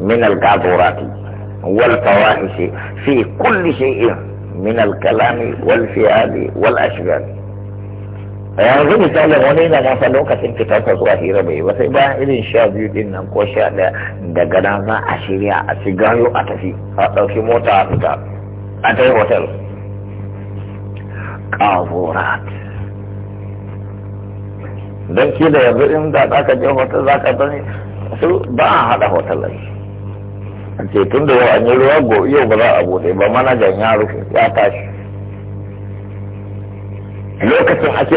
من القاذورات والفواحش في كل شيء من الكلام والفعل والأشغال يعني تعالى مولينا ما فلوك سن كتاب الله وسيبا إلى شاء الله إن كوشا لا دعنا ما أشيريا سجانو أتفي هذا في موتا أتفي أتفي موتل كافورات dan kida yanzu in da zaka je hotel zaka bani su ba hada hotel ce tun da yau an yi ruwa go yau ba za a bude ba manajan ya rufe ya tashi lokacin ake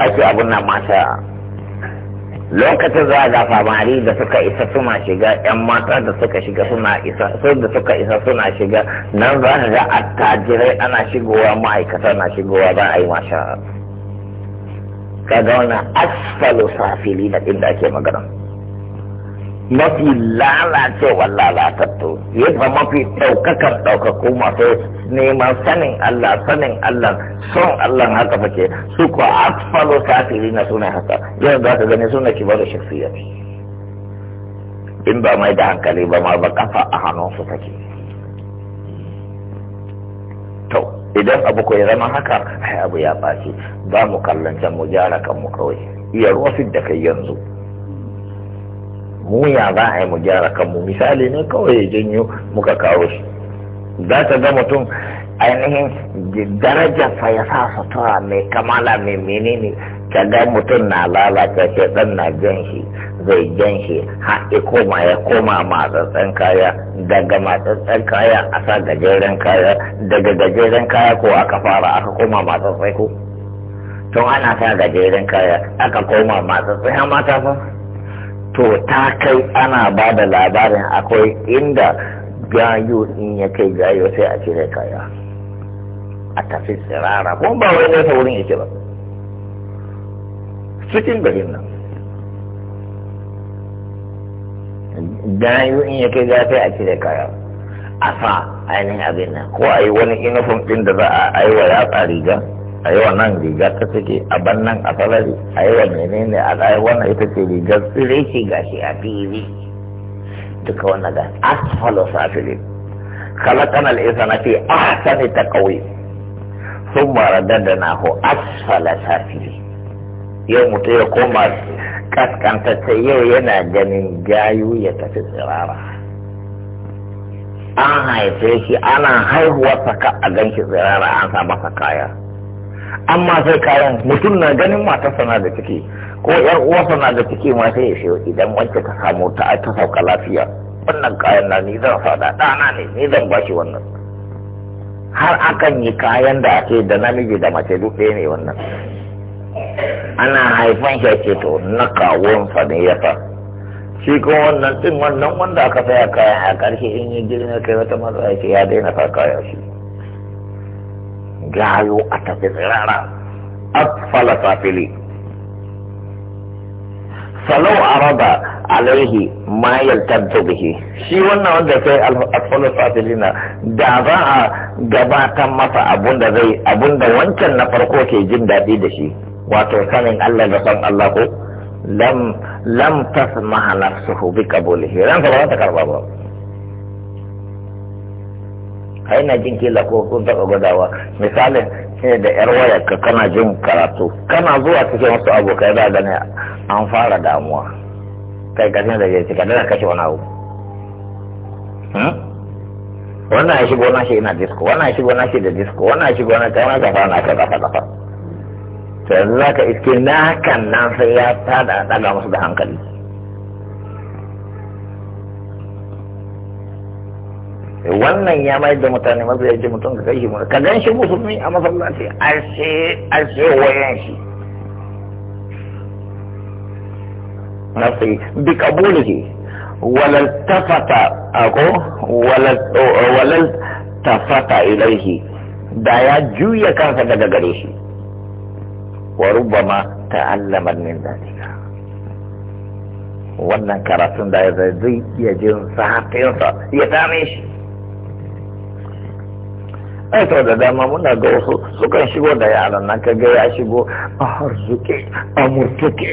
ake abun nan mata lokacin za a ga famari da suka isa suna shiga yan mata da suka shiga suna isa sun da suka isa suna shiga nan za a ga attajirai ana shigowa ma'aikata na shigowa za a yi masha kaga wannan asfalu safili na inda ake magana mafi lalacewar lalatattu ya yadda mafi ɗaukakar ɗaukaku masu neman sanin Allah sanin Allah son Allah haka fake su kuwa asfalo kafiri na suna haka yau za ka gani suna kibar shafiya in ba mai da hankali ba ma ba kafa a hannunsu take to idan abu ko ya zama haka ai abu ya ɓaci ba mu kallon can mu gyara kanmu kawai iya ruwa da kai yanzu mu ya za a yi mu gyara kanmu misali ne kawai ya janyo muka kawo shi za ta ga mutum ainihin daraja fa ya sa sutura mai kamala mai menene ta ga mutum na lalata shi dan na jan shi zai jan shi har ya koma ya koma matsatsen kaya daga matsatsen kaya a sa gajeren kaya daga gajeren kaya ko aka fara aka koma matsatsai ko tun ana sa gajeren kaya aka koma matsatsai har mata ba to ta kai ana ba da labarin akwai inda gayu in ya kai gayu sai a cire kaya a tafi tsirara kuma ba wai nesa wurin yake ba cikin garin nan gayu in ya kai gayu sai a cire kaya a sa ainihin abin nan ko a yi wani inufin ɗin da za a aiwa ya riga a yi wannan riga ta take a bannan a salari a yi wa menene a ɗaya wannan ita ce rigar tsirai ce ga shi a fili duka wannan da asfalo safili kalakan al'isa na fi sani ta ƙauye sun mara dandana ko asfala safili yau mutu ya koma kaskantacce yau yana ganin gayu ya tafi tsirara an haife shi ana haihuwa saka a ganshi tsirara an sa masa kaya amma sai kayan mutum na ganin mata sana da ciki ko yar uwa sana da ciki ma sai ya shi idan wacce ta samu ta ta sauka lafiya wannan kayan na ni zan fada ɗana ne ni zan bashi wannan har akan yi kayan da ake da namiji da mace duk ɗaya ne wannan ana haifan shi ce to na kawunsa ne ya fa shi ko wannan din wannan wanda aka saya kayan a ƙarshe in yi girma kai wata matsala ya daina sa kaya shi gayo a tafi tsirara asfala safili falau arada alaihi ma yaltabta bihi shi wannan wanda kai asfala safili na da za a gabatar masa abunda zai abunda wancan na farko ke jin daɗi da shi wato sanin Allah da san Allah ko lam lam tasmaha nafsuhu bi qabulihi ran ba ta karba ba kai na jin kila ko kun taɓa gwadawa misalin sai da yar waya ka kana jin karatu kana zuwa cikin wasu abokai za gane an fara damuwa kai ka da ya cika dana kashe wani abu hmm? wannan ya shigo na shi ina disko wannan ya shigo na shi da disko wannan ya shigo na kai ma ka na ka kafa kafa to yanzu za ka iske na kan nan sai ya tada daga musu da hankali wannan ya mai da mutane masu ya ce mutum ka kai shi ka gan shi musulmi a masallaci a ce wayan shi nafsi bi kabulihi walal tafata ako walal tafata ilaihi da ya juya kansa daga gare shi wa rubbama ta'allama min dalika wannan karatun da ya zai iya jin sahatinsa ya same shi ai to da dama muna ga wasu sukan shigo da yaran nan ka ga ya shigo a harzuke a murtuke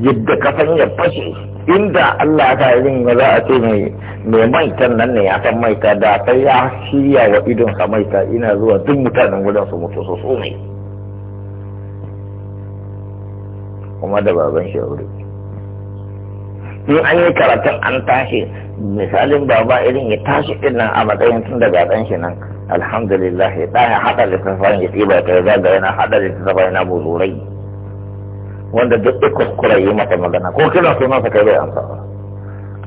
yadda kasan ya fashe inda Allah ya kai yin za a ce mai mai maitan nan ne ya san maita da sai ya shirya wa idon sa maita ina zuwa duk mutanen gudan su mutu su sume kuma da baban shi in an yi karatun an tashi misalin baba irin ya tashi din nan a matsayin tun daga dan shi nan alhamdulillah ya ɗaya haɗa littattafan ya ɗiba ta zaga yana haɗa littattafan yana buzurai wanda duk ɗin kuskure yi mata magana ko kira su masa kai bai amsa ba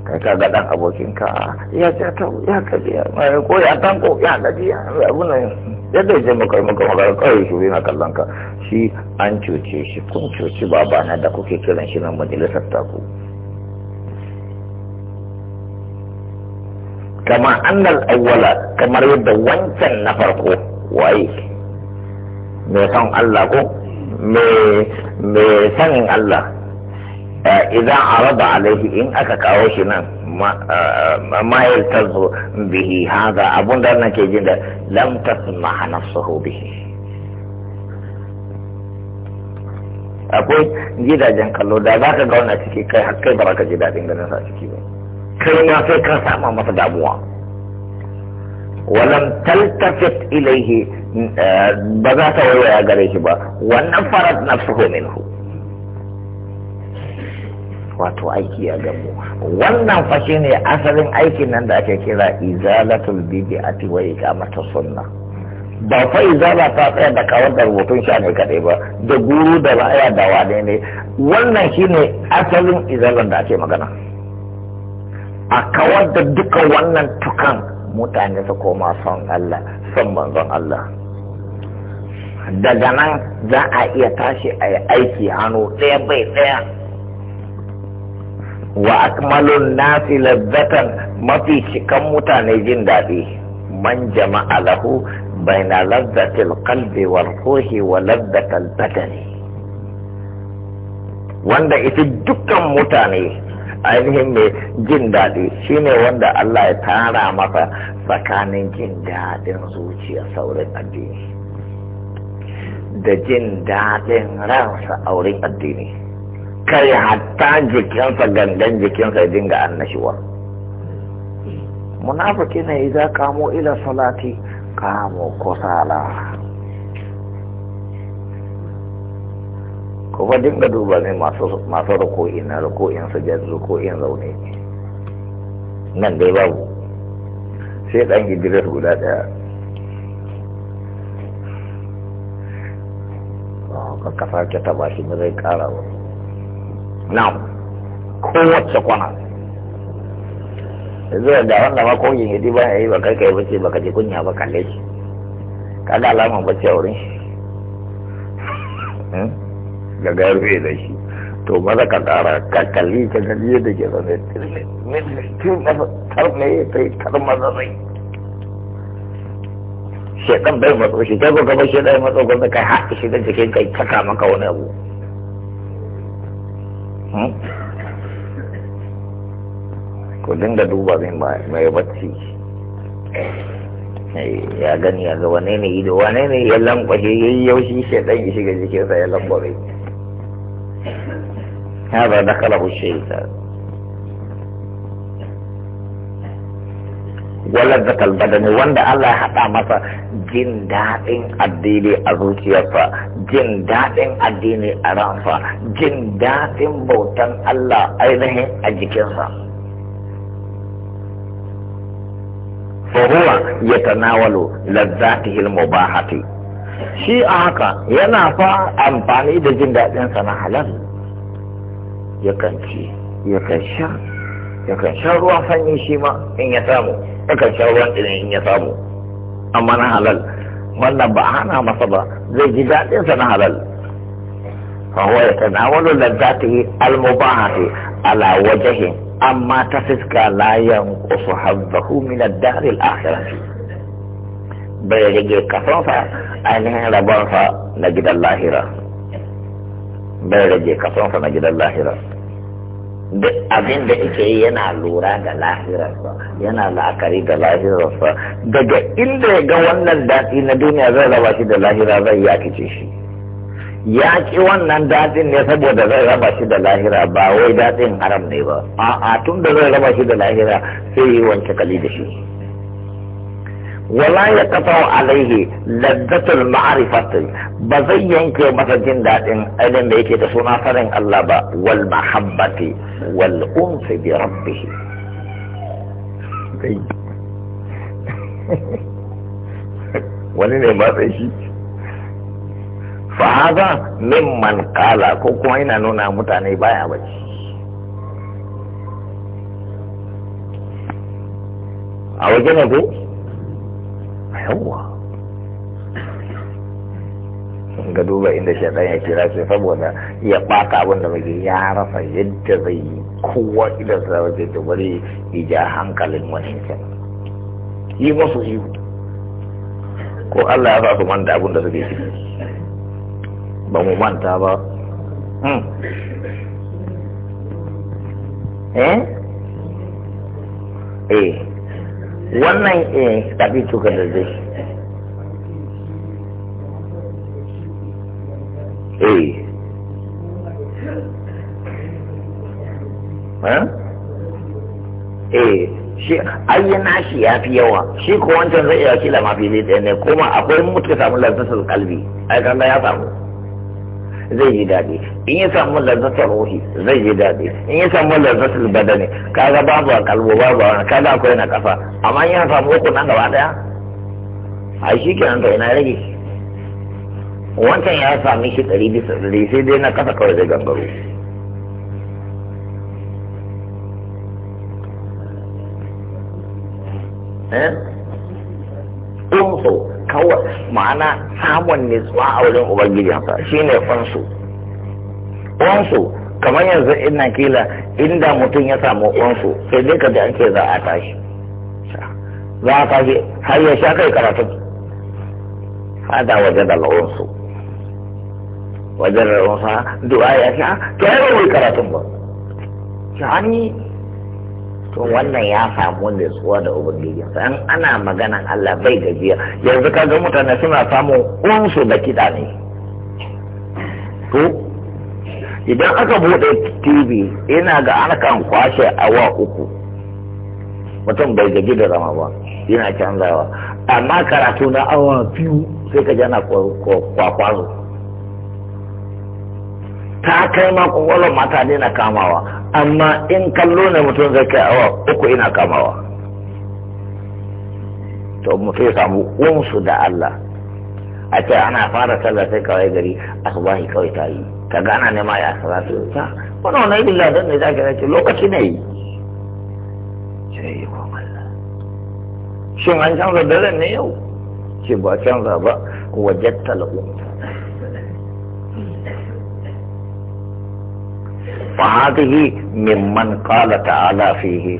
kai ka ga ɗan abokinka ya ce ta ya gajiya ko ya tanko ya gajiya abin nan yadda ya maka maka magana kawai shi yana kallon ka shi an cuce shi kun baba babana da kuke kiran shi nan majalisar taku. ku kama annal awwala kamar yadda wancan na farko waye mai son Allah ko mai sanin Allah idan araba alaihi in aka kawo shi nan ma tazo bihi haza abun da ke jin da lam tasma nafsuhu bihi akwai gidajen kallo da za ka gauna ciki kai har kai ba ka ji daɗin ganin sa ciki ba kai na sai ka sama masa damuwa walam taltafit ilaihi eh, ba za ta waiwaya gare shi ba wannan farat nafsuhu minhu wato aiki ya gamu wannan fa ne asalin aikin nan da ake kira izalatul bid'ati wa iqamatus sunna. ba fa izala ta tsaya da kawar da rubutun sha ne kadai ba da guru da ra'aya da wane ne wannan shine asalin izalan da ake magana a kawar da duka wannan tukan mutane su koma son Allah son manzon Allah daga nan za a iya tashi a yi aiki hannu ɗaya bai ɗaya wa akmalun nasi lazzatan mafi cikan mutane jin daɗi man jama'a lahu baina lazzatil qalbi wal ruhi wa lazzatil badani wanda ita dukkan mutane ainihin mai jin daɗi shine wanda Allah ya tara masa tsakanin jin daɗin zuciya saurin addini da jin daɗin ransa auren addini kai hatta jikinsa gangan jikinsa ya dinga annashuwa munafiki ne idan kamo ila salati kamo kusala ko fa dinga duba ne masu masu ruku'in na ruku'in sujud ruku'in zaune nan dai babu sai dan Idris guda daya ah, ka kafa ke taba shi ba zai kara wa na kowace kwana yanzu da wannan makoyin hidi ba ya yi ba kai kai bace baka ji kunya ba kalle shi kaga alaman bace wurin shi hmm? ga garbe da shi to maza ka kara ka kalli ka gani yadda ke zaune tarne ya ta yi tarma zai shekan bai matso shi kai gaba shi dai matso gwamna kai haɗe shi da jikin kai taka maka wani abu hmm? ku dinga duba min mai bacci eh, ya gani ya ga wane ne ido wane ne ya lankwashe ya yi yaushi shedan ya shiga jikinsa ya lankwashe هذا دخله الشيطان ولذة البدن وند الله حتى مسا جن دائن الديني يفا جن دائن الديني أرانفا جن دائن بوتن الله أينه أجيكيفا فهو يتناول لذاته المباحة شيء هكا ينافع أمباني دجن دادين سنة حلال ya kan ci ya kan sha ya kan sha ruwan sanyi shi ma in ya samu ya kan sha ruwan ɗin in ya samu amma na halal wannan ba hana masa ba zai ji sa na halal ya ala ta فهو يتناول لذاته المباحة على وجه أما تفسك لا ينقص حظه من الدهر الآخرة بيرجي كفنفا أنه ربانفا نجد اللاهرة بيرجي كفنفا نجد اللاهرة duk abin da yake yi yana lura da lahirarsa yana la'akari da lahirarsa daga inda ya ga wannan daɗi na duniya zai raba shi da lahira zai yakice shi ya ki wannan daɗin ne saboda zai raba shi da lahira ba wai daɗin haram ne ba a'a tun da zai raba shi da lahira sai yi wanke kali da shi ولا يقطع عليه لذة المعرفة بزين كي مثل جن دائم علم تسونا فرن الله والمحبة والأنف بربه ولنه ما بيشي فهذا ممن قال كوكو نونا متاني بايا بيشي أو wajen yawa ga duba inda shaɗan ya kira shi saboda ya ɓata abin da muke ya rasa yadda zai yi kowa idan sa waje ta bari ija hankalin wani can yi masu yi. ko Allah ya sa su manta abin da suke shi. ba mu manta ba hmm. eh, eh. wannan eh tafi cuka da zai eh eh shi ayyana shi ya fi yawa shi ko wancan zai iya kila mafi zai tsaye ne kuma akwai mutu samun lantasar kalbi ai kanda ya samu zai ji daɗi in ya samu lazzatar ruhi zai ji daɗi in ya samu lazzatar badani kaga babu a kalbo babu a wani, kaga akwai na kafa amma in ya samu uku nan gaba ɗaya a shi kenan nan ina rage wancan ya sami shi ɗari bisa ɗari sai dai na kasa kawai zai gangaro eh? Umso kawai ma'ana samun nitsuwa a wajen ubangijinsa shine kwansu kwansu kamar yanzu ina kila inda mutum ya samu kwansu sai dai ka ji an ce za a tashi za a tashi har ya sha kai karatun hada waje da launsu. wajen rawansa du'a ya sha to ya karatun ba shani to wannan ya samu nutsuwa da ubangiji sai ana maganan Allah bai gajiya yanzu ka ga mutane suna samun unsu da kiɗa ne to idan aka bude tv ina ga an kan kwashe awa uku mutum bai gaji da zama ba yana canzawa amma karatu na awa biyu sai ka jana kwakwazo ta kai ma kwakwalwar mata ne na kamawa amma in kallo ne mutum zai kai awa uku ina kamawa to mutum ya samu unsu da Allah a ce ana fara sallah sai kawai gari asubahi kawai ta yi ka gana ne ma ya asara su ta wani wani ibin ladan ne za ka lokaci ne yi shin an canza dalar ne yau ce ba canza ba wajen talabu وهذه ممن قال تعالى فيه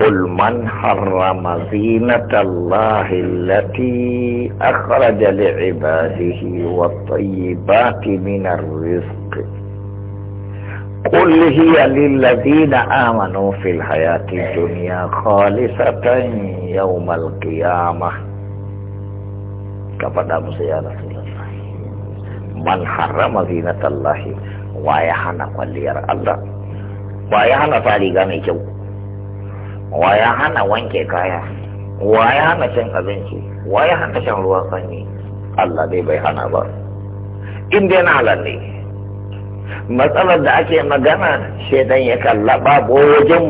قل من حرم زينة الله التي أخرج لعباده والطيبات من الرزق قل هي للذين آمنوا في الحياة الدنيا خالصة يوم القيامة kepada musuh الله من حرم زينة الله wa ya hana kwalliyar Allah wa ya hana sa riga mai kyau wa ya hana wanke kaya wa ya hana cin abinci wa ya hana shan ruwa sanyi Allah dai bai hana ba in dai na halar ne matsalar da ake magana shedan ya kallaba wajen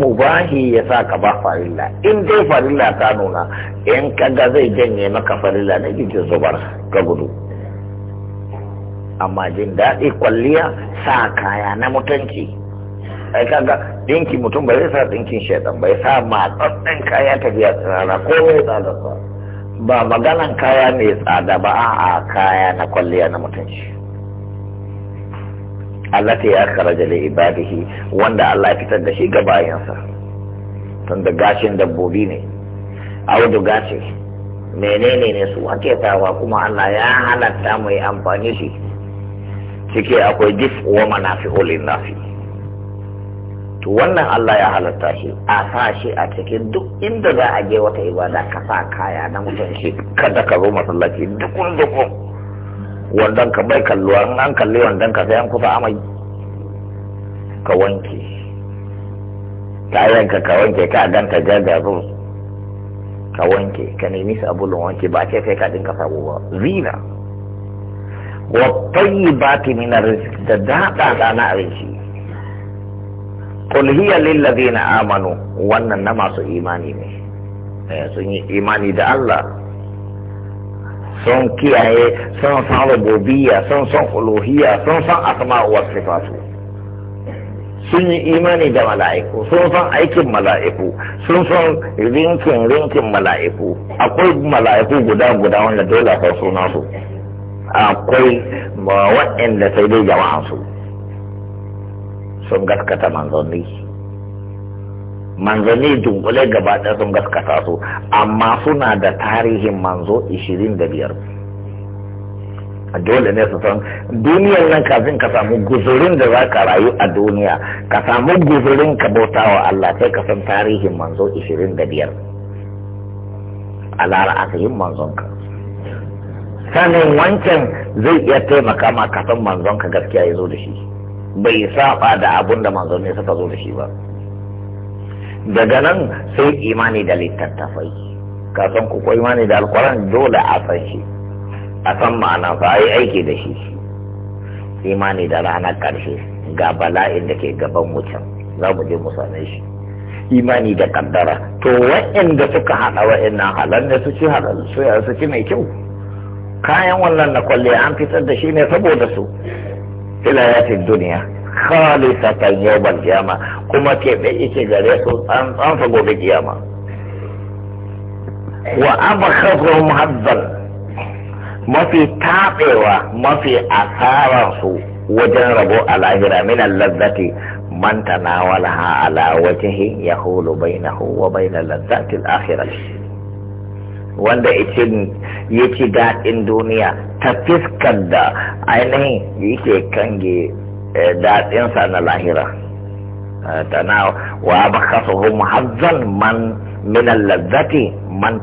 shi ya sa ka ba farilla in dai farilla ta nuna in kaga zai janye maka farilla na gidi zubar ka gudu amma jin daɗi kwalliya sa kaya na mutunci ai kaga dinki mutum ba zai sa dinkin shaidan bai sa matsatsen kaya tafiya tsirara ko ya tsada ba ba maganan kaya mai tsada ba a kaya na kwalliya na mutunci Allah ta ya kharaja li ibadihi wanda Allah ya fitar da shi ga bayansa da gashin dabbobi ne Audu Gashi. menene ne su ake sawa kuma Allah ya halatta mu amfani shi cike akwai dif wa manafi'u nafi to wannan Allah ya halatta shi a sa shi a cikin duk inda za a je wata ibada ka sa kaya na mutunci kada ka zo masallaci dukun dukun wandan ka bai kalluwa in an kalli wandan ka sai an kusa amai ka wanke kayan ka ka wanke ka jaga zo ka wanke ka nemi sabulun wanke ba ce sai ka dinka sabo ba zina ba من الرزق ده da ده انا ارشي قل هي للذين امنوا wannan na masu imani ne eh, sun yi imani da Allah sun kiyaye sun san rububiyya sun san uluhiyya sun san asma wa sifatu sun yi imani da mala'iku sun san aikin mala'iku sun san rinkin rinkin mala'iku akwai mala'iku guda guda wanda dole san sunan su akwai ba waɗanda sai dai jama'ansu sun gaskata manzanni manzanni dunkule gaba ɗaya sun gaskata su amma suna da tarihin manzo 25 dole ne su san duniyar nan kafin ka samu guzurin da za ka rayu a duniya ka samu guzurin ka bauta wa Allah sai ka san tarihin manzo 25 a lara manzon ka sanin wancan zai iya taimaka ma ka san manzon ka gaskiya ya zo da shi bai saba da abun da manzon ne suka zo da shi ba daga nan sai imani da littattafai ka san ku imani da alkuran dole a san shi a san ma'ana fa yi aiki da shi imani da ranar ƙarshe ga bala'in da ke gaban wucin za mu je mu same shi imani da kaddara to wa'anda suka haɗa wa'annan halar ne su ci halar su ci mai kyau kayan wannan na kwalle an fitar da shi ne saboda su filayatin duniya khalisa khalisatan yawmal kiyama kuma keɓe ike gare su an tsanfa gobe kiyama wa abakhazum haddan mafi tabewa mafi asarar su wajen rabo alahira lahira min lazzati man tanawalaha ala wajhi yahulu bainahu wa bainal lazzati al-akhirah wanda itin Yaci daɗin duniya ta fiskar da ainihin yake kange eh, daɗinsa na lahira eh, tana wa abakasuhum hazzan man min lazzati man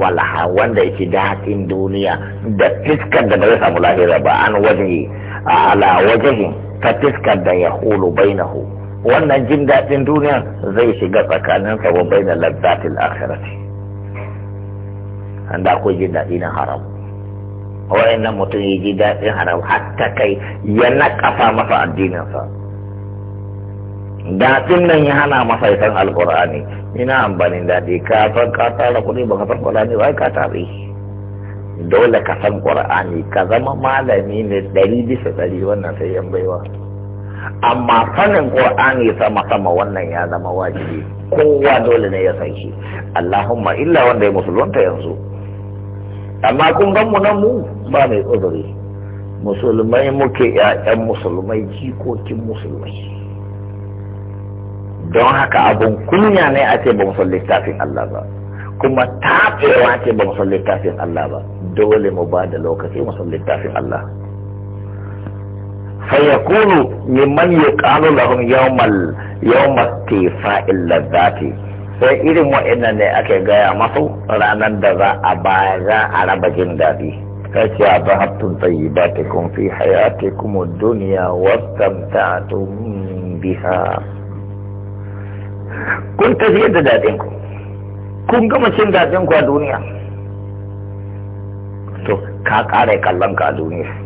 walaha wanda yake daɗin duniya da fiskar da zai samu lahira ba an waje a ala wajahin ta fiskar da ya hulu bainahu wannan jin daɗin duniya zai shiga tsakaninsa wa bainal lazzatin akhirati da ku ji daɗi na haram wa'in nan mutum ya ji daɗin haram hatta kai ya nakafa masa addininsa daɗin nan ya hana masa ya san alƙur'ani ina amfanin daɗi ka san ka tara kuɗi ba ka san ƙur'ani ba ka tare dole ka san ƙur'ani ka zama malami ne ɗari bisa ɗari wannan sai yan baiwa amma sanin ƙur'ani sama sama wannan ya zama wajibi kowa dole ne ya san shi allahumma illa wanda ya musulunta yanzu amma kun ban mu nan mu ba mai uzuri musulmai muke ƴaƴan musulmai jikokin musulmai don haka abun kunya ne a ce ba mu tafin Allah ba kuma tafewa ce ba mu tafin Allah ba dole mu ba da lokaci mu tafin Allah fayakunu mimman yuqalu lahum yawmal yawmat tifa'il ladhati sai irin wa'annan ne ake gaya masu ranar da za a baya za a raba jin daɗi kashi a ba hattun tsayi ba ta kun fi ta kuma duniya wasan ta biha kun tafiyar da daɗin ku kun gama cin daɗin ku a duniya to ka ƙara kallon ka a duniya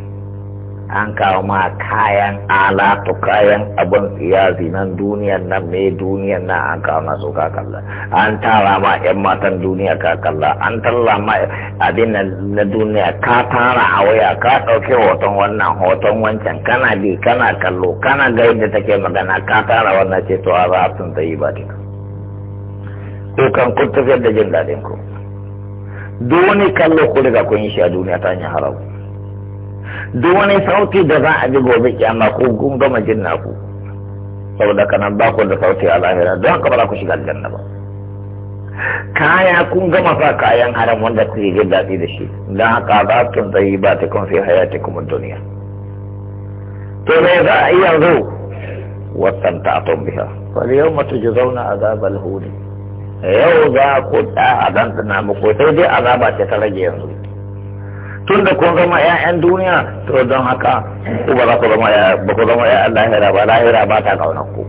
an kawo ma kayan alatu kayan abin siyasi nan duniyan nan me duniyan nan an kawo su kakalla an tara ma yan matan duniya kakalla an talla ma abin na duniya ka tara a waya ka ɗauke hoton wannan hoton wancan kana bi kana kallo kana ga yadda take magana ka tara wannan ce to a sun ta yi ba duka dukan kun tafiyar da jin daɗin ku duk wani kallo ku riga kun yi shi a duniya ta hanyar haramu duk wani sauti da za a ji gobe kyamma ko kun gama jin saboda kana ba ku da sauti a lahira don haka ba za ku shiga aljanna ba kaya kun gama sa kayan haram wanda ku yi jin daɗi da shi don haka za ku tsayi ba ta kun fi hayati kuma duniya to me za a yi yanzu wasan ta aton biya Wani yau matu ji zauna a zabal huni yau za ku ɗa a dan tuna muku sai dai azaba ce ta rage yanzu tun da kun zama 'ya'yan duniya to don haka ku ba za ku zama ba ku zama 'ya'yan lahira ba lahira ba ta kaunar ku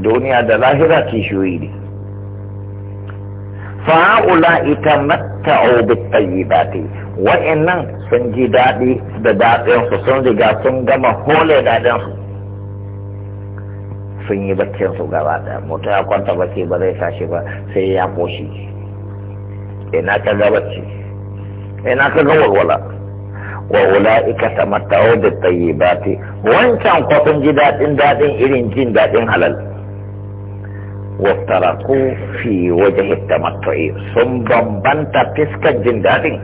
duniya da lahira kishiyoyi ne fa'ula ita matta matta'u bitayyibati wa'annan sun ji daɗi da daɗin su sun riga sun gama hole daɗin su sun yi baccin su gaba da mutum kwanta bacci ba zai tashi ba sai ya koshi ina ta gabaci? bacci ina ka ga walwala wa ula'ika tamattau da tayyibati wancan kwafin ji daɗin daɗin irin jin daɗin halal waftaraku fi waje tamattu'i sun bambanta fiskar jin daɗin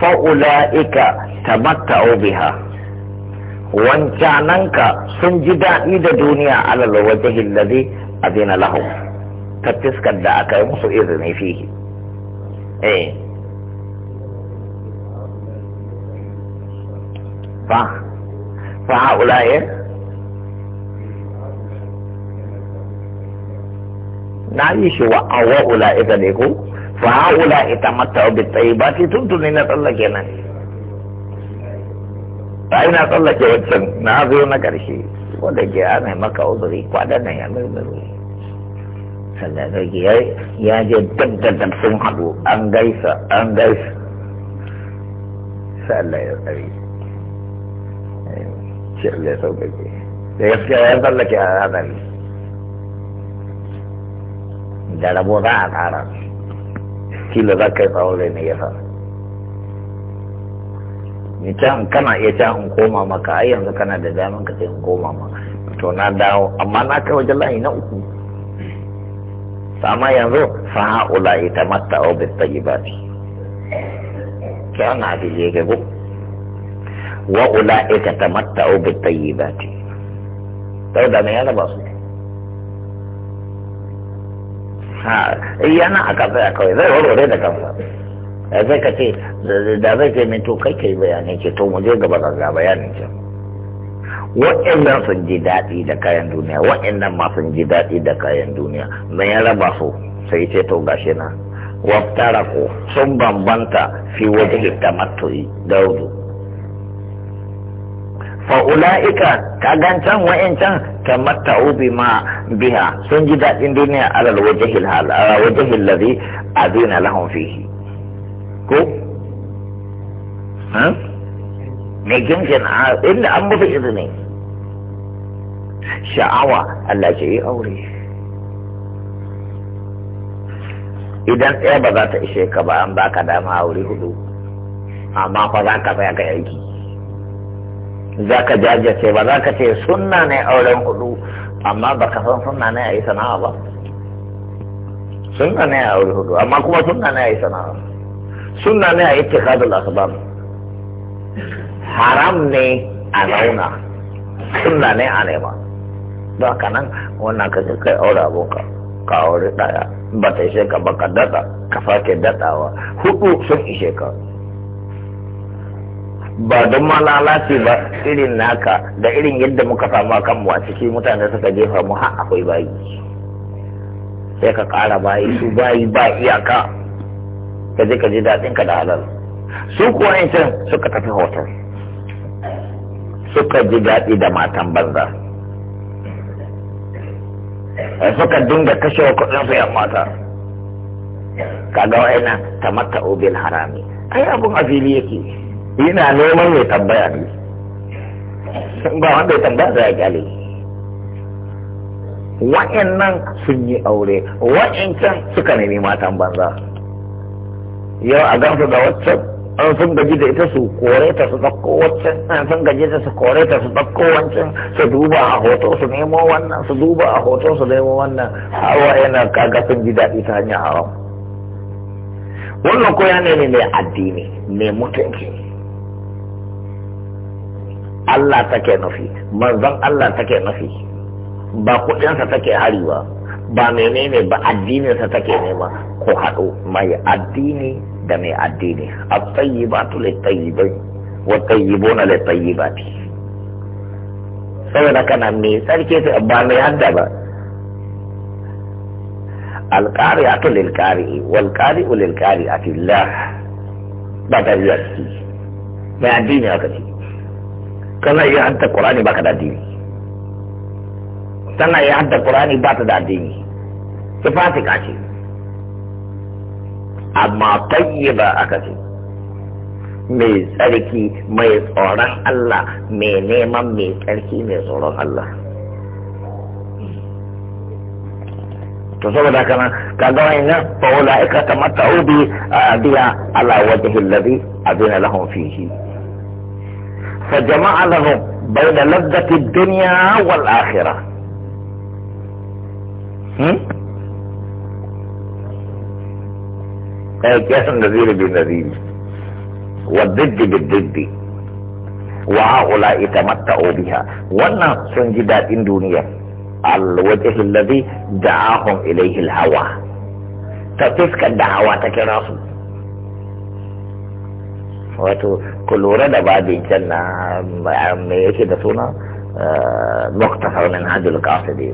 fa'ula'ika tamattau biha wancananka sun ji daɗi da duniya alal waje a zina lahu ta fiskar da aka yi musu izini fihi eh fa fa haulaye eh? na yi shi wa awa ne ko fa haulaye ta mata bi tayyibati tuntuni na tsallake nan ta ina tsallake wancan na na karshe wanda ke ana maka uzuri ya ya je dab sun haɗu an gaisa an gaisa shi Allah ya sauƙaƙe da gaskiya ya tsallake a hadari da rabo za a ƙara kila za ka yi tsawon rai ne ya sa ni can kana iya can in koma maka ai yanzu kana da daman ka sai in koma maka to na dawo amma na kai wajen layi na uku amma yanzu fa haula ita matta ba bi tayyibati na da je ga gudu wa ula'ika tamatta'u bitayyibati dauda ne ya ba su ha yana kafa tsaya kawai zai warware da kafa da zai ka ce da zai ce min to kai kai bayanin ce to mu je gaba ga bayanin ce wa'annan sun ji daɗi da kayan duniya wa'annan ma sun ji daɗi da kayan duniya me ya raba su sai ce to gashi na waftaraku sun bambanta fi wajen da matoyi daudu fa ula'ika ka gancan wa'incan? ta matta'u ma biha sun ji daɗin duniya alal wajahil hal ala wajahil ladhi adina lahum fihi ko ha me a? inda an mutu izini sha'awa Allah ke yi aure idan ɗaya ba za ta ishe ka ba an baka dama aure hudu amma fa za ka tsaya ka aiki za ka jajirce ba za ka ce sunna ne auren hudu amma ba ka san sunna ne a yi sana'a ba sunna ne a auren hudu amma kuma sunna ne a yi sana'a sunna ne a yi tikadul asbab haram ne a zauna sunna ne a nema ba ka nan wannan ka kai aure abokan ka aure daya ba ta ishe ka ba ka dada ka sake dadawa hudu sun ishe ka ba don ma lalace ba irin naka da irin yadda muka samu kanmu a ciki mutane suka jefa mu har akwai bayi sai ka ƙara bayi su bayi ba iyaka ka je ka ji daɗin ka da halal su kuwa yin can suka tafi hotel suka ji daɗi da matan banza suka dinga kashe wa kuɗin su yan mata kaga wa'ina tamatta bil harami ai abun a fili yake yana neman mai tambaya ne ba wanda ya tambaya za a gyale nan sun yi aure can suka nemi matan banza yau a gamsu da waccan an sun gaji da ita su kore ta su tsakko waccan an sun gaji da su kore ta su tsakko wancan su duba a hoto su nemo wannan su duba a hoto su nemo wannan hawa yana kaga sun ji daɗi ta hanyar haram wannan ko ya ne mai addini mai mutunci Allah take nufi manzon Allah take nufi ba kuɗinsa take hari ba ba menene ba addininsa take nema ko haɗo mai addini da mai addini a ba tsayyibatu le bai, wa tayyibuna le tayyibati saboda kana mai tsarki ba mai hadda ba a a القارئة للقارئ والقارئ للقارئة الله بعد الوقت ما عندنا وقتي kana iya hadda qur'ani baka da dini tana iya hadda qur'ani ba ta da addini ki fasika ce amma tayyiba aka ce mai tsarki mai tsoron Allah mai neman mai tsarki mai tsoron Allah to saboda kana ka ga wani na fa'ula ikata mata'ubi a biya ala wajhi alladhi adina lahum fihi فجمع لهم بين لذة الدنيا والآخرة كيف النذير بالنذير والضد بالضد وهؤلاء تمتعوا بها وانا سنجدات دنيا الوجه الذي دعاهم اليه الهوى تتسكى الدعوات كراسه wato ku lura da babin can na mai um, yake da suna uh, muktasar min hajjul kasidi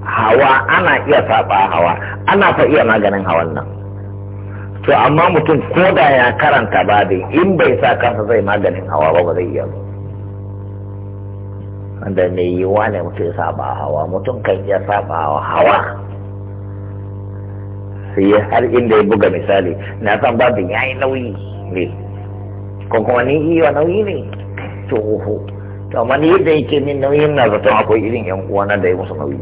hawa ana iya saba hawa ana fa iya maganin hawan nan to amma mutum ko da ya karanta babin in bai sa kansa zai maganin hawa ba ba zai iya ba wanda mai yiwuwa ne mutum ya saba hawa mutum kan iya saba hawa sai har inda ya buga misali na san babin ya yi nauyi ko kuma ni iya nauyi ne to oho to amma ni yadda yake min nauyin na zaton akwai irin yan uwana da ya musu nauyi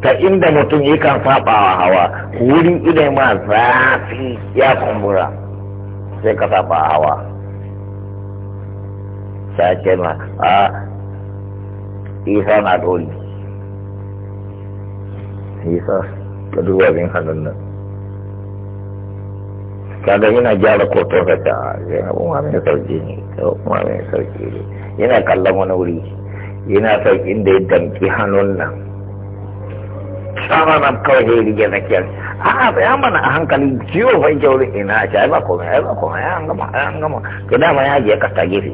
ta inda mutum yakan sabawa hawa wurin idan ma zafi ya kumbura sai ka saba hawa sace ma a isa na doli. isa ka duba bin hannun nan kaga yana gyara koto da ta zai abu ma mai sauki ne kuma mai sauki ne yana kallon wani wuri yana sauki inda ya damki hannun nan tsara nan kawai ya rige na kiyar a tsaya mana a hankali ciwo fai kyau wurin ina a ci ba komai ai ba komai ya an gama ya an gama to dama ya je kasta gefe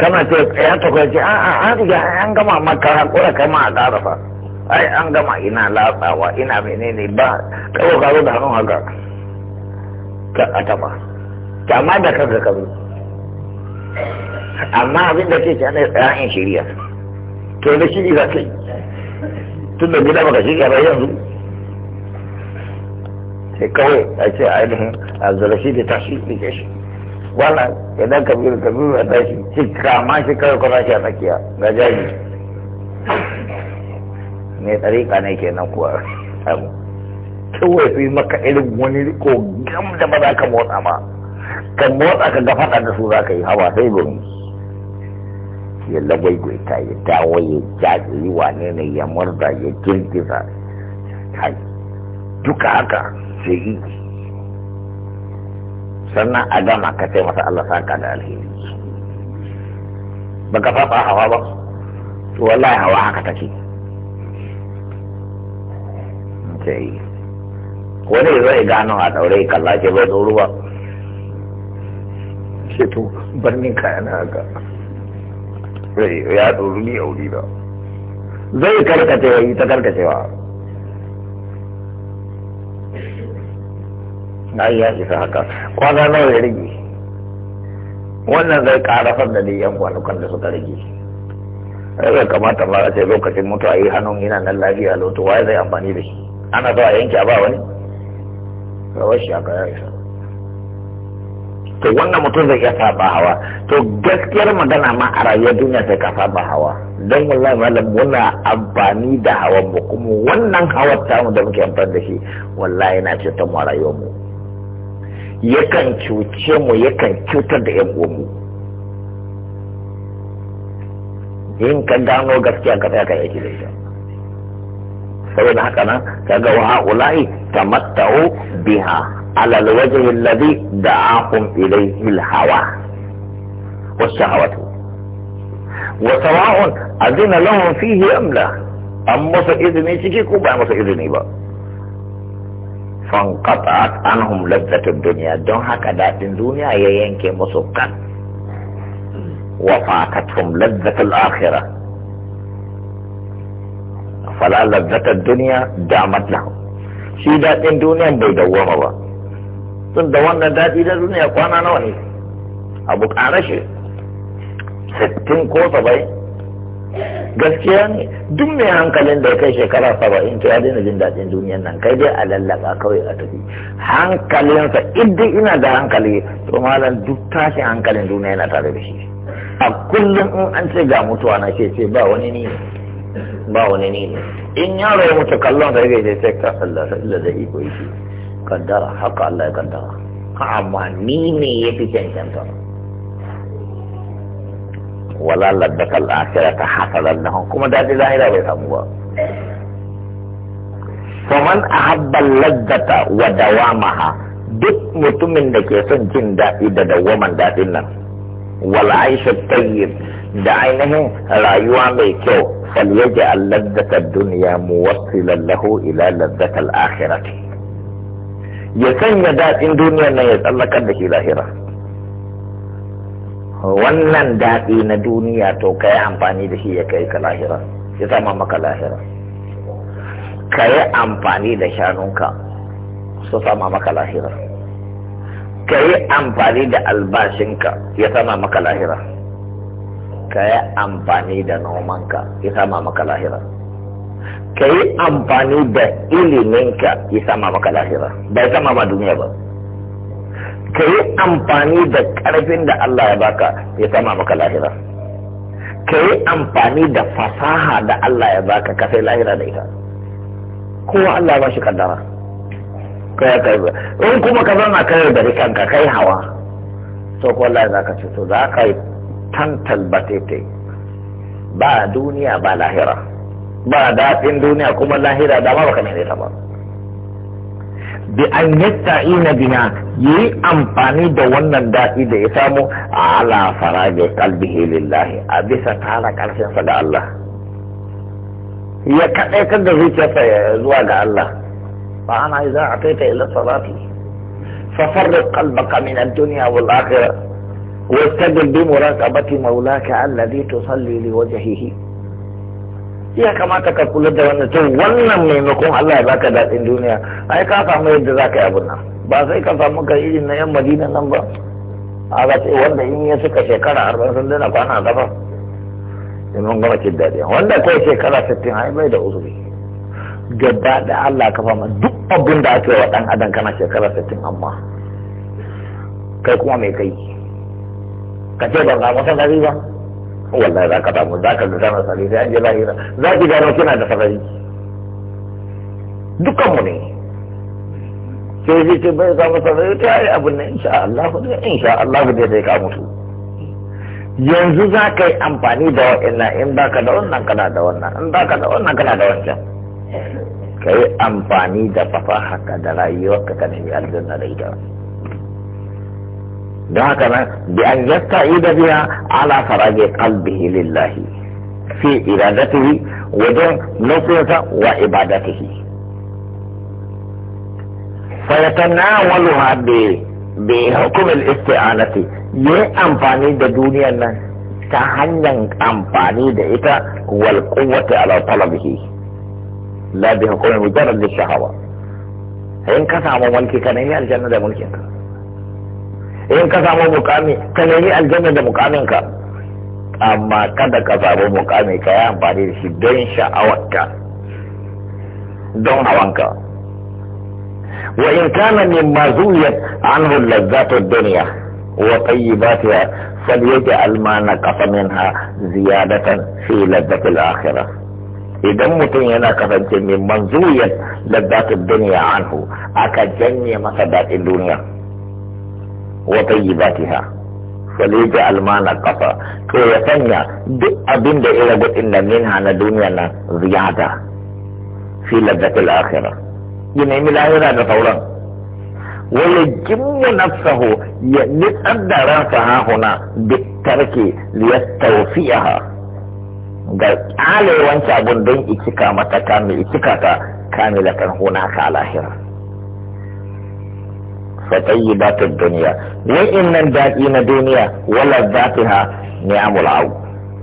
kana ce ya tafiya ce a a an an gama maka hakura kai ma a ƙara fa ai an gama ina latsawa ina menene ba kawo karo da hannun haka ka a taba ma da kan ka zo amma abin da ke ana tsayin shirya to da shiri za ka yi tun da gida baka shirya ba yanzu sai kawai a ce ainihin shi da tashi ke shi wannan idan kabiru kabiru a tashi shi kama shi kawai kwanashi a tsakiya ga jami'i mai tsarika ne nan kuwa kawai fi maka irin wani riko gam da ba za ka motsa ma ka motsa ka ga faɗa da su za ka yi hawa sai gurin ya lagwaigwai ta yi dawo ya jaɗe yi wane ne ya murda ya girgiza duka haka sai yi sannan a gama ka sai masa Allah saka da alheri baka fafa hawa ba to wallahi hawa haka take ce yi wani zai gano a daure kalla ce bai tsoro ba ce to birnin kayan haka ya tsoro ni auri ba zai karkacewa yi ta karkacewa na ya isa haka kwana nawa ya rage wannan zai karafar da dai yan kwanukan da suka rage zai kamata ba a ce lokacin mutuwa yi hannun yana nan lafiya lotuwa waye zai amfani da shi ana zuwa yanki a ba wani rawar shi aka ya isa to wannan mutum zai iya saba hawa to gaskiyar magana ma a rayuwar duniya sai ka saba hawa don wallahi malam muna amfani da hawan mu kuma wannan hawar tamu da muke amfani da shi wallahi yana cutar mu a rayuwar mu yakan cuce mu yakan cutar da yan in ka gano gaskiya ka tsaya ka yake da ita saboda haka nan kaga wa haula'i tamatta'u biha ala alwajhi alladhi da'ahum ilayhi alhawa wa والشهوات وسواء أذن لهم فيه أم am musa idni ciki ko ba musa idni ba fanqata'at anhum ladzatud dunya don haka dadin duniya ya yanke musu kan wa fatatum lazzatul akhirah fala lazzatar duniya damat lahu shi daɗin duniyan bai dawwama ba tun da wannan daɗi na duniya kwana nawa ne abu ƙara shi sittin ko saba'in gaskiya ne duk mai hankalin da ya kai shekara saba'in to ya daina jin daɗin duniyan nan kai dai a lallaka kawai a tafi hankalinsa idan ina da hankali to malam duk tashin hankalin duniya yana tare da shi a kullum in an ce ga mutuwa na ce ce ba wani ni ne ba wani ne in yaro ya mutu kallon da yake sai ka sallasa illa da iko yake kaddara haka Allah ya kaddara amma ni ne ya fi cancanta wala laddaka al'akira ta hasalan nahun kuma daɗi zahira bai samu ba faman ahabba laddata wa dawamaha duk mutumin da ke son jin daɗi da dawaman daɗin nan wal aisha tayyib da ainihin rayuwa mai kyau فليجعل لذة الدنيا موصلا له إلى لذة الآخرة يسن يدات دنيا أن يتألق به الآخرة wannan daɗi na duniya to ka yi amfani da shi ya kai ka lahira ya zama maka lahira ka yi amfani da shanunka su sama maka lahira ka yi amfani da albashinka ya sama maka lahira ka yi amfani da nomanka ya sama maka lahira ka yi amfani da iliminka ya sama maka lahira bai sama ma duniya ba ka yi amfani da ƙarfin da Allah ya baka ya sama maka lahira ka yi amfani da fasaha da Allah ya baka ka sai lahira da ita kuma Allah ba shi kaddara kai kai in kuma ka zama kai da kanka kai hawa to ko Allah za ka ce to za ka yi tan talbatete ba duniya ba lahira ba daɗin duniya kuma lahira da ma baka ne ta ba bi an yatta ina bina yi amfani da wannan daɗi da ya samu ala farage kalbihi lillahi a bisa tara ƙarfinsa ga Allah ya kaɗaitar da zuciyarsa zuwa ga Allah fa ana za a kai ta ila salati fa farriq qalbaka min ad-dunya wal akhirah maula ka مولاك الذي تصلي لوجهه ya kamata ka kula da wannan to wannan maimakon Allah ya baka daɗin duniya ai ka samu yadda za yi abin nan ba sai ka samu ka na yan madina nan ba a za wanda in ya suka shekara arba'in sun dana kwana gaba domin gama cin daɗi wanda kai shekara sittin ai bai da uzuri gaba da Allah ka fama duk abin da ake wa ɗan adam kana shekara sittin amma kai kuma mai kai ka ce ba samu gari ba wallahi za ka damu za ka gano sarari sai an je lahira za ki gano kina da sarari dukkanmu ne sai zai ce bai samu sarari ta yi abin nan insha Allah dai insha Allah dai sai ka mutu yanzu za ka yi amfani da wa'ina in ba ka da wannan kana da wannan in ba ka da wannan kana da wancan ka yi amfani da fasaha haka da rayuwarka ka nemi aljanna da ita don haka nan bi an yasta biya ala farage kalbihi lillahi fi wa ibadatihi fayatanna walu ha bi bi hukumul isti'anati nan ta hanyar amfani ita wal quwwati ala samu mulki ka da mulkin in ka samu mukami ka nemi aljanna da mukamin ka amma kada ka samu mukami ka yi amfani da shi don sha'awarka don hawanka wa in kana min mazuyat anhu lazzatu dunya wa tayyibatiha falyaj'al almana naqasa minha ziyadatan fi lazzati al-akhirah idan mutum yana kasance min manzuriyar da duniya anhu aka janye masa daɗin duniya وطيباتها فليجعل المانا نقص تو يسنيا دق ابن دا الى قد ان منها نا زيادة في لذة الاخرة جنه من الاخرة دا ويجم نفسه يتأدى راسها هنا بالترك ليستوفيها ga kyale wancan abin don ikika mata kamil ikika ta kamilatan wa tayyibatid dunya nan daɗi na duniya wala zatiha ni'amul au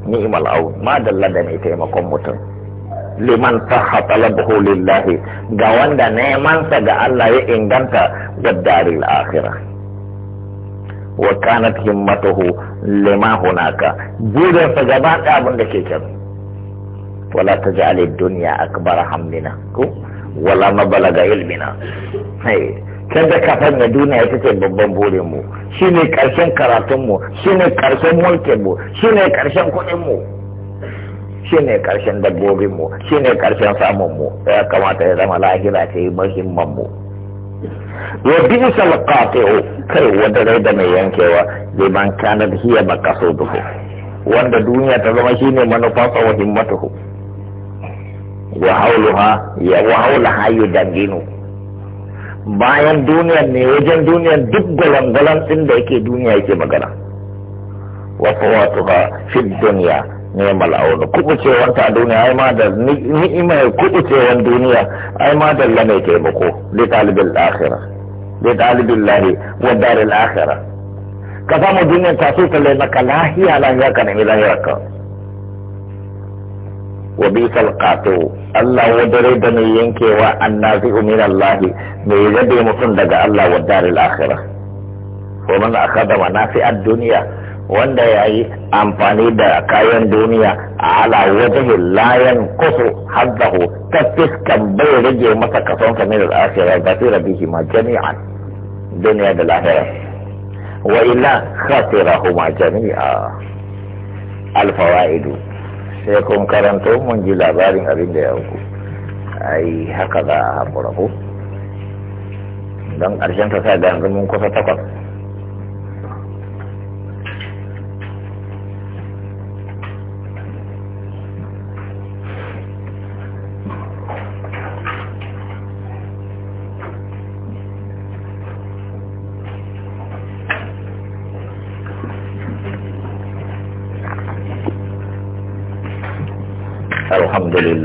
ni'mal au ma dalla da mai taimakon mutum liman sahha talabuhu lillahi ga wanda neman sa ga Allah ya inganta wa daril akhirah wa kanat himmatuhu lima hunaka burin sa gaba da abin da ke can wala taj'al ad-dunya akbar hamlina ko wala mabalaga ilmina hey kada ka sanya duniya ita ce babban burin mu shine karshen karatun mu shine karshen mulkin mu shine karshen kuɗin mu shine karshen dabbobin mu shine karshen samun mu ya kamata ya zama lahira ce muhimman mu wa bisal qati'u kai wanda rai da mai yankewa liman kana hiya duhu wanda duniya ta zama shine manufarsa wa himmatuhu wa ya wa haulaha bayan duniyan ne wajen duniyan duk gwalangwalan ɗin da yake duniya yake magana wasu wato ba fi duniya ne mal'aunu kubucewanta a duniya ai ma da ni'imar kubucewan duniya ai ma da lame taimako li talibin lahira li talibin lahi wa daril lahira ka samu duniyan ta so ta lai maka lahiya lahiya ka nemi lahira ka وبيت القاتو الله ودري دني ينكي والنازع من الله ميزدي مصندق الله والدار الآخرة ومن أخذ منافع الدنيا وان دا يأي أمفاني دا كاين دنيا على وجه لا ينقص حظه تفس كم بيرجي ومتكسون من الآخرة بصير بهما جميعا دنيا بالآخرة وإلا خسرهما جميعا الفوائد sai kun karanto mun ji labarin abin da ya auku ai haka za a haƙura ku don ƙarshen ta sa da yanzu mun kusa takwas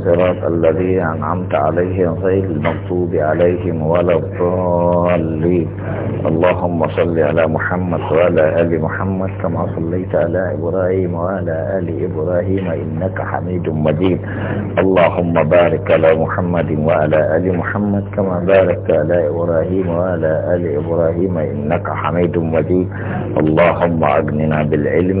الصراط الذي أنعمت عليهم غير المغضوب عليهم ولا الضالين اللهم صل على محمد وعلى آل محمد كما صليت على إبراهيم وعلى آل إبراهيم إنك حميد مجيد اللهم بارك على محمد وعلى آل محمد كما باركت على إبراهيم وعلى آل إبراهيم إنك حميد مجيد اللهم أغننا بالعلم